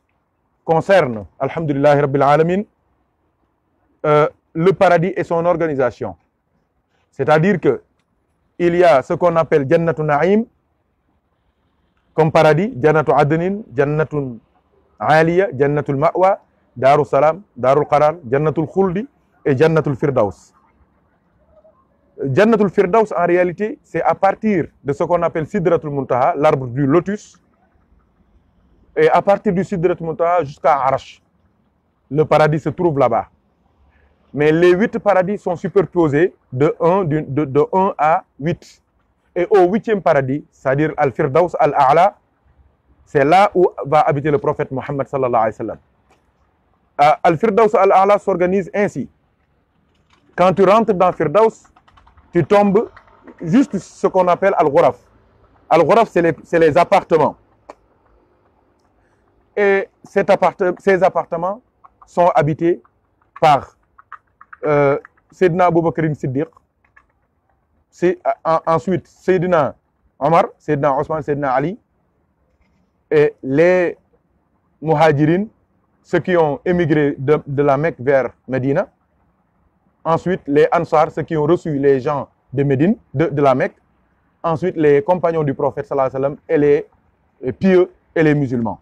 concerne, Alhamdulillah Rabbil Alamin, euh, le paradis et son organisation. C'est-à-dire que il y a ce qu'on appelle Jannatu Na'im, comme paradis, jannatul Adnin, jannatul Aliya, Jannatu Ma'wa, salam, Darul Qarar, Jannatul Khuldi et Jannatul Firdaus. Jannatul Firdaus, en réalité, c'est à partir de ce qu'on appelle Sidratul Muntaha, l'arbre du lotus, et à partir du Sidratul Muntaha jusqu'à Arash. Le paradis se trouve là-bas. Mais les huit paradis sont superposés de 1, de, de, à 8. Et au huitième paradis, c'est-à-dire Al-Firdaus, Al-A'la, c'est là où va habiter le prophète Mohammed euh, Al-Firdaus, Al-A'la s'organise ainsi. Quand tu rentres dans Firdaus, tu tombes juste ce qu'on appelle Al-Ghuraf. Al-Ghuraf, c'est les, appartements. Et ces appartements sont habités par euh, Sedna Abu Siddiq, ensuite Sedna Omar, Sedna Osman, Sedna Ali, et les Muhajirin, ceux qui ont émigré de, de la Mecque vers Medina, Ensuite, les Ansar, ceux qui ont reçu les gens de Médine, de, la Mecque. Ensuite, les compagnons du prophète sallallahu alayhi wa sallam et les pieux et les musulmans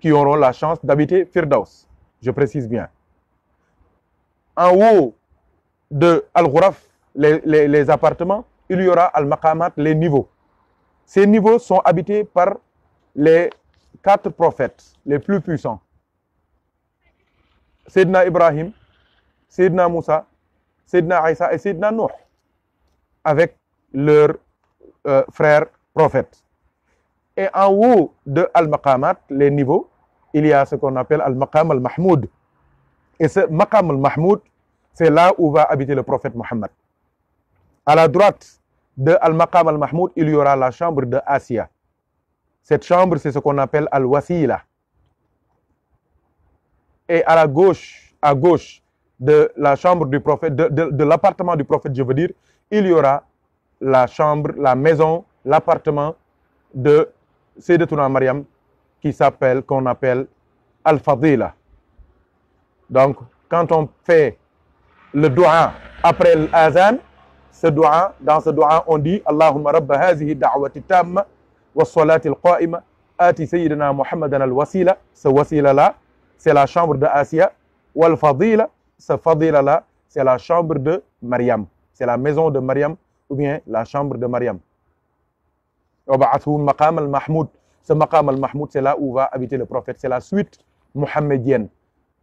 qui auront la chance d'habiter Firdaus. Je précise bien. En haut de Al-Ghuraf, les, les, appartements, il y aura Al-Maqamat, les niveaux. Ces niveaux sont habités par les quatre prophètes les plus puissants. Sedna Ibrahim, Sedna Moussa, Sedna Aïssa et Sedna Nuh, avec leurs euh, frères prophètes. Et en haut de Al-Maqamat, les niveaux, il y a ce qu'on appelle Al-Maqam Al-Mahmoud. Et ce Maqam Al-Mahmoud, c'est là où va habiter le prophète Mohammed. À la droite de Al-Maqam Al-Mahmoud, il y aura la chambre de Asia. Cette chambre, c'est ce qu'on appelle Al-Wasila et à la gauche, à gauche de la chambre du prophète, de, de, l'appartement du prophète, je veux dire, il y aura la chambre, la maison, l'appartement de Seydatuna Mariam qui s'appelle, qu'on appelle Al-Fadila. Donc, quand on fait le doua après l'azan, ce doua, dans ce doua, on dit Allahumma rabba hazihi da'wati tamma wa salati al-qa'ima ati sayyidina Muhammadan al-wasila, ce wasila-là, c'est la chambre de ou al Fadila, ce Fadila-là, c'est la chambre de Mariam. C'est la maison de Mariam ou bien la chambre de Mariam. Ce Maqam al-Mahmoud, c'est là où va habiter le prophète. C'est la suite mohammedienne.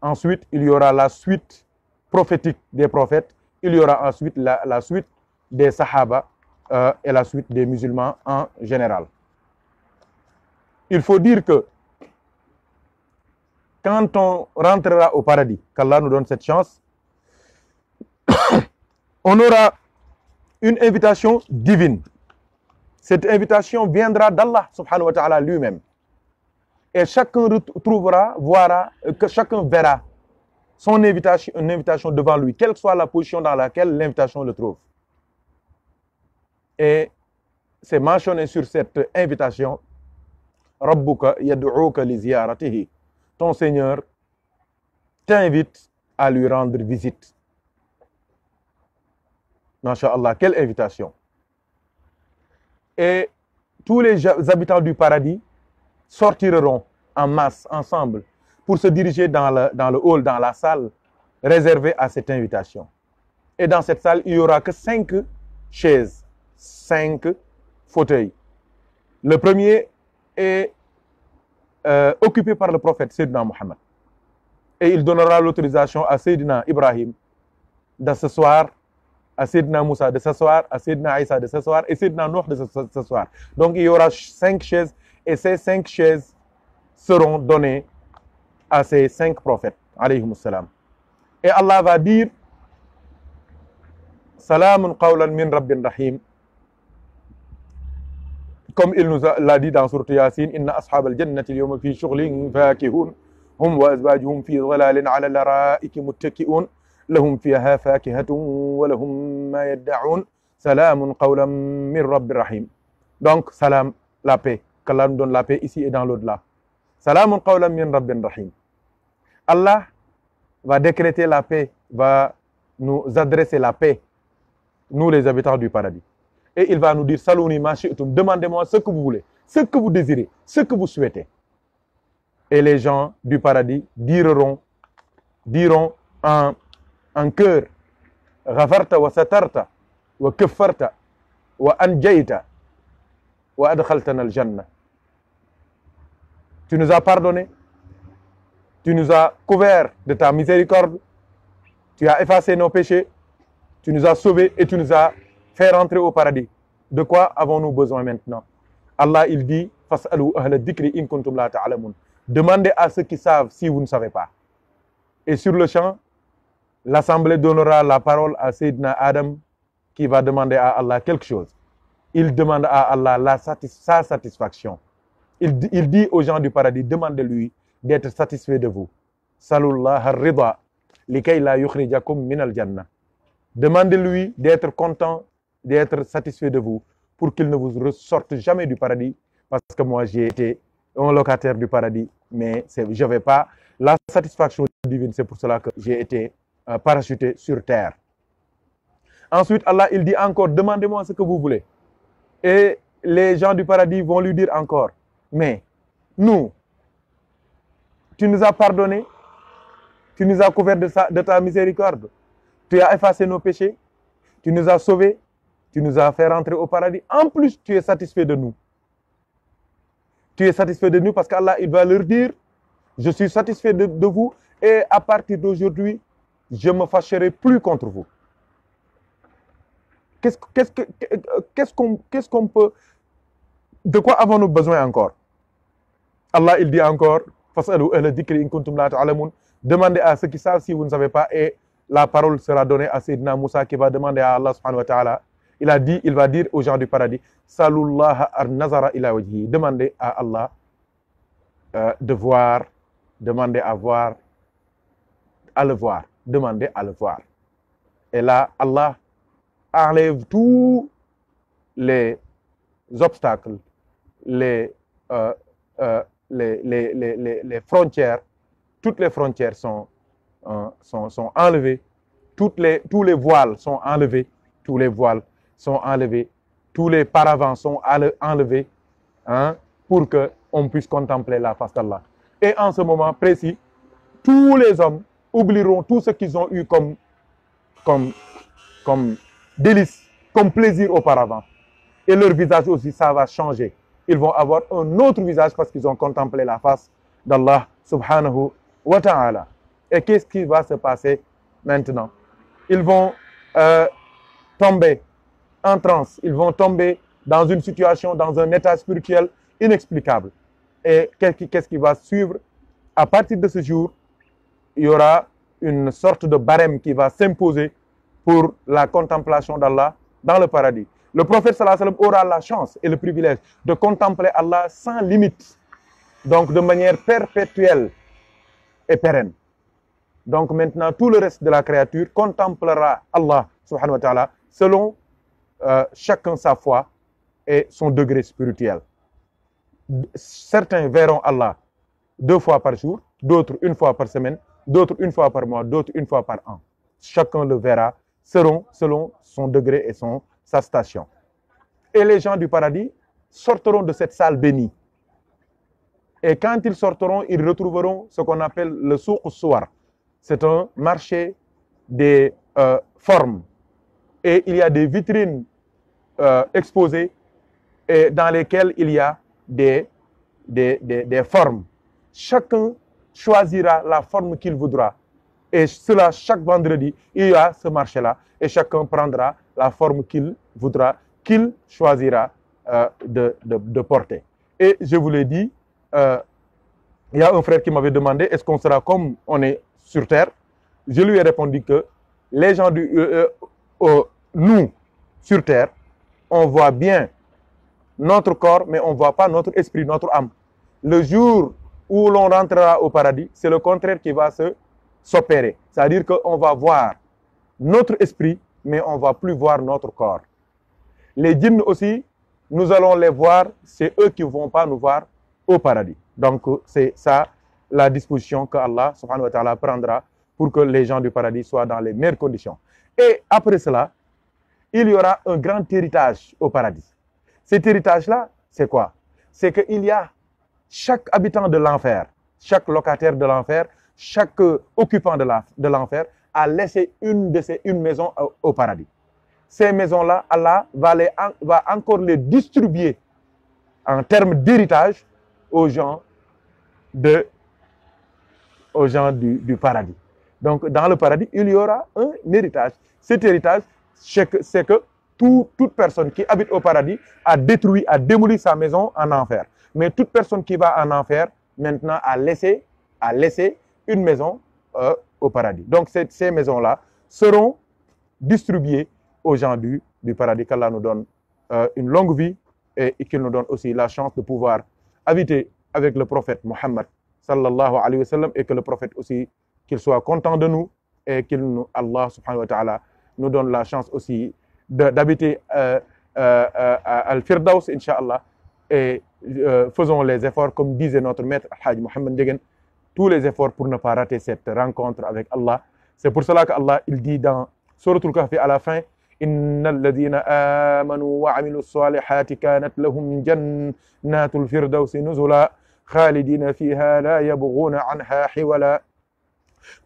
Ensuite, il y aura la suite prophétique des prophètes. Il y aura ensuite la, suite des Sahaba euh, et la suite des musulmans en général. Il faut dire que quand on rentrera au paradis, qu'Allah nous donne cette chance, <coughs> on aura une invitation divine. Cette invitation viendra d'Allah subhanahu wa ta'ala lui-même. Et chacun retrouvera, verra, euh, que chacun verra son invitation, une invitation devant lui, quelle que soit la position dans laquelle l'invitation le trouve. Et c'est mentionné sur cette invitation. Rabbuka ton Seigneur t'invite à lui rendre visite. Masha'Allah, quelle invitation. Et tous les habitants du paradis sortiront en masse, ensemble, pour se diriger dans le, dans le hall, dans la salle réservée à cette invitation. Et dans cette salle, il n'y aura que cinq chaises, cinq fauteuils. Le premier est euh, occupé par le prophète Sayyidina Muhammad. Et il donnera l'autorisation à Sayyidina Ibrahim d'asseoir, à Sayyidina Moussa de s'asseoir, à Sayyidina Isa de s'asseoir et Sayyidina Nuh de s'asseoir. Donc il y aura cinq chaises et ces cinq chaises seront données à ces cinq prophètes. Et Allah va dire Salamun qawlan min rabbin rahim. comme il nous l'a dit dans Sourate Yassine inna ashabal jannati al-yawma fi shughlin fakihun hum wa azwajuhum fi dhalalin 'ala al-ara'iki muttaki'un lahum fiha fakihatun wa lahum ma yad'un salamun qawlan min rabbir rahim donc salam la paix qu'Allah nous donne la paix ici et dans l'au-delà salamun qawlan min rabbir rahim Allah va décréter la paix va nous adresser la paix nous les habitants du paradis et il va nous dire Salouni tout, demandez-moi ce que vous voulez, ce que vous désirez, ce que vous souhaitez. Et les gens du paradis diront, diront en, cœur wa wa wa wa al-jannah. Tu nous as pardonné, tu nous as couvert de ta miséricorde, tu as effacé nos péchés, tu nous as sauvés et tu nous as faire entrer au paradis. De quoi avons-nous besoin maintenant Allah, il dit Demandez à ceux qui savent si vous ne savez pas. Et sur le champ, l'assemblée donnera la parole à Sayyidina Adam qui va demander à Allah quelque chose. Il demande à Allah la sa satisfaction. Il, il, dit aux gens du paradis, demandez-lui d'être satisfait de vous. Demandez-lui d'être content d'être satisfait de vous pour qu'il ne vous ressorte jamais du paradis. Parce que moi, j'ai été un locataire du paradis, mais je n'avais pas. La satisfaction divine, c'est pour cela que j'ai été euh, parachuté sur terre. Ensuite, Allah, il dit encore, demandez-moi ce que vous voulez. Et les gens du paradis vont lui dire encore, mais nous, tu nous as pardonné, tu nous as couvert de, de ta miséricorde, tu as effacé nos péchés, tu nous as sauvés, tu nous as fait rentrer au paradis. En plus, tu es satisfait de nous. Tu es satisfait de nous parce qu'Allah, il va leur dire, je suis satisfait de, vous et à partir d'aujourd'hui, je ne me fâcherai plus contre vous. Qu'est-ce qu'on peut... De quoi avons-nous besoin encore Allah, il dit encore, Demandez à ceux qui savent si vous ne savez pas et la parole sera donnée à Sidna Moussa qui va demander à Allah subhanahu wa ta'ala il a dit, il va dire aux gens du paradis, Salullaha ar-nazara ila Demandez à Allah euh, de voir, demandez à voir, à le voir, demandez à le voir. Et là, Allah enlève tous les obstacles, les, euh, euh, les, frontières, toutes les frontières sont, sont, enlevées, toutes les, tous les voiles sont enlevés, tous les voiles sont enlevés, tous les paravents sont enlevés hein, pour qu'on puisse contempler la face d'Allah. Et en ce moment précis, tous les hommes oublieront tout ce qu'ils ont eu comme, comme, comme délice, comme plaisir auparavant. Et leur visage aussi, ça va changer. Ils vont avoir un autre visage parce qu'ils ont contemplé la face d'Allah subhanahu wa ta'ala. Et qu'est-ce qui va se passer maintenant Ils vont euh, tomber en transe. Ils vont tomber dans une situation, dans un état spirituel inexplicable. Et qu'est-ce qui va suivre À partir de ce jour, il y aura une sorte de barème qui va s'imposer pour la contemplation d'Allah dans le paradis. Le prophète sallam aura la chance et le privilège de contempler Allah sans limite, donc de manière perpétuelle et pérenne. Donc maintenant, tout le reste de la créature contemplera Allah subhanahu wa ta'ala selon euh, chacun sa foi et son degré spirituel. Certains verront Allah deux fois par jour, d'autres une fois par semaine, d'autres une fois par mois, d'autres une fois par an. Chacun le verra selon, selon son degré et son, sa station. Et les gens du paradis sortiront de cette salle bénie. Et quand ils sortiront, ils retrouveront ce qu'on appelle le souk soir. C'est un marché des euh, formes. Et il y a des vitrines euh, exposés et dans lesquels il y a des, des, des, formes. Chacun choisira la forme qu'il voudra. Et cela, chaque vendredi, il y a ce marché-là. Et chacun prendra la forme qu'il voudra, qu'il choisira euh, de, de, porter. Et je vous l'ai dit, euh, il y a un frère qui m'avait demandé, est-ce qu'on sera comme on est sur Terre Je lui ai répondu que les gens du... nous, sur Terre, on voit bien notre corps, mais on ne voit pas notre esprit, notre âme. Le jour où l'on rentrera au paradis, c'est le contraire qui va se s'opérer. C'est-à-dire qu'on va voir notre esprit, mais on ne va plus voir notre corps. Les djinns aussi, nous allons les voir, c'est eux qui ne vont pas nous voir au paradis. Donc c'est ça la disposition que Allah prendra pour que les gens du paradis soient dans les meilleures conditions. Et après cela, il y aura un grand héritage au paradis. Cet héritage-là, c'est quoi C'est qu'il y a chaque habitant de l'enfer, chaque locataire de l'enfer, chaque euh, occupant de l'enfer a laissé une de ces une maison au, paradis. Ces maisons-là, Allah va, les, va encore les distribuer en termes d'héritage aux gens, de, aux gens du paradis. Donc, dans le paradis, il y aura un héritage. Cet héritage, c'est que, toute personne qui habite au paradis a détruit, a démoli sa maison en enfer. Mais toute personne qui va en enfer, maintenant, a laissé, a laissé une maison euh, au paradis. Donc, ces maisons-là seront distribuées aux gens du, du paradis. Qu'Allah nous donne euh, une longue vie et, qu'il nous donne aussi la chance de pouvoir habiter avec le prophète Mohammed sallallahu alayhi wa sallam et que le prophète aussi qu'il soit content de nous et qu'il nous Allah subhanahu wa ta'ala nous donne la chance aussi d'habiter euh, euh, euh Al-Firdaus, Inch'Allah. Et euh, faisons les efforts, comme disait notre maître Al-Hajj Mohamed Degen, tous les efforts pour ne pas rater cette rencontre avec Allah. C'est pour cela qu'Allah, il dit dans Surat Al-Kahfi à la fin, إن الذين آمنوا وعملوا الصالحات كانت لهم جنات الفردوس نزلا خالدين فيها لا يبغون عنها حولا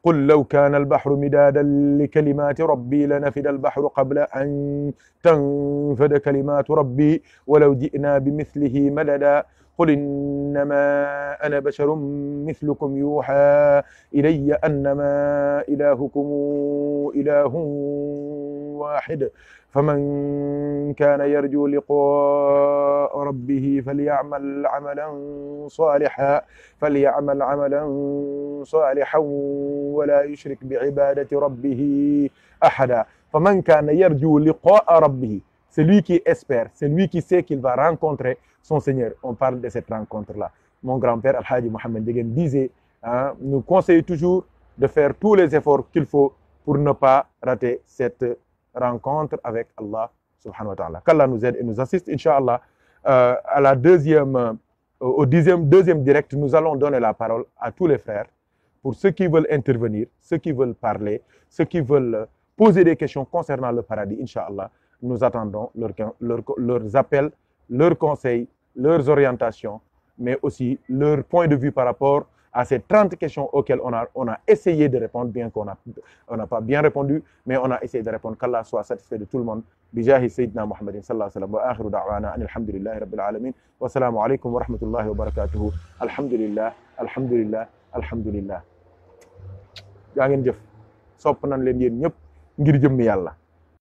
قل لو كان البحر مدادا لكلمات ربي لنفد البحر قبل أن تنفد كلمات ربي ولو جئنا بمثله مددا قل إنما أنا بشر مثلكم يوحى إلي أنما إلهكم إله واحد فمن كان يرجو لقاء ربه فليعمل عملا صالحا فليعمل عملا صالحا ولا يشرك بعبادة ربه أحدا فمن كان يرجو لقاء ربه celui qui espère, celui qui sait qu'il va rencontrer son Seigneur. On parle de cette rencontre-là. Mon grand-père Al-Hadi Mohamed Degen disait, hein, nous conseille toujours de faire tous les efforts qu'il faut pour ne pas rater cette rencontre avec Allah subhanahu wa ta'ala. Qu'Allah nous aide et nous assiste, Inch'Allah. Euh, à la deuxième, euh, au dixième, deuxième direct, nous allons donner la parole à tous les frères pour ceux qui veulent intervenir, ceux qui veulent parler, ceux qui veulent euh, poser des questions concernant le paradis, Inch'Allah. Nous attendons leur, leurs appels, leurs conseils, leurs orientations, mais aussi leur point de vue par rapport à ces 30 questions auxquelles on a, on a essayé de répondre, bien qu'on n'a on a pas bien répondu, mais on a essayé de répondre. Qu'Allah soit satisfait de tout le monde. Bijahi Sayyidina Muhammadin sallallahu alayhi wa sallam. Wa alhamdulillahi rabbil alamin. Wa salamu alaykum wa rahmatullahi wa barakatuhu. Alhamdulillah, alhamdulillah, alhamdulillah. Yangin Jeff, sopnan len yen ñep ngir jëm yalla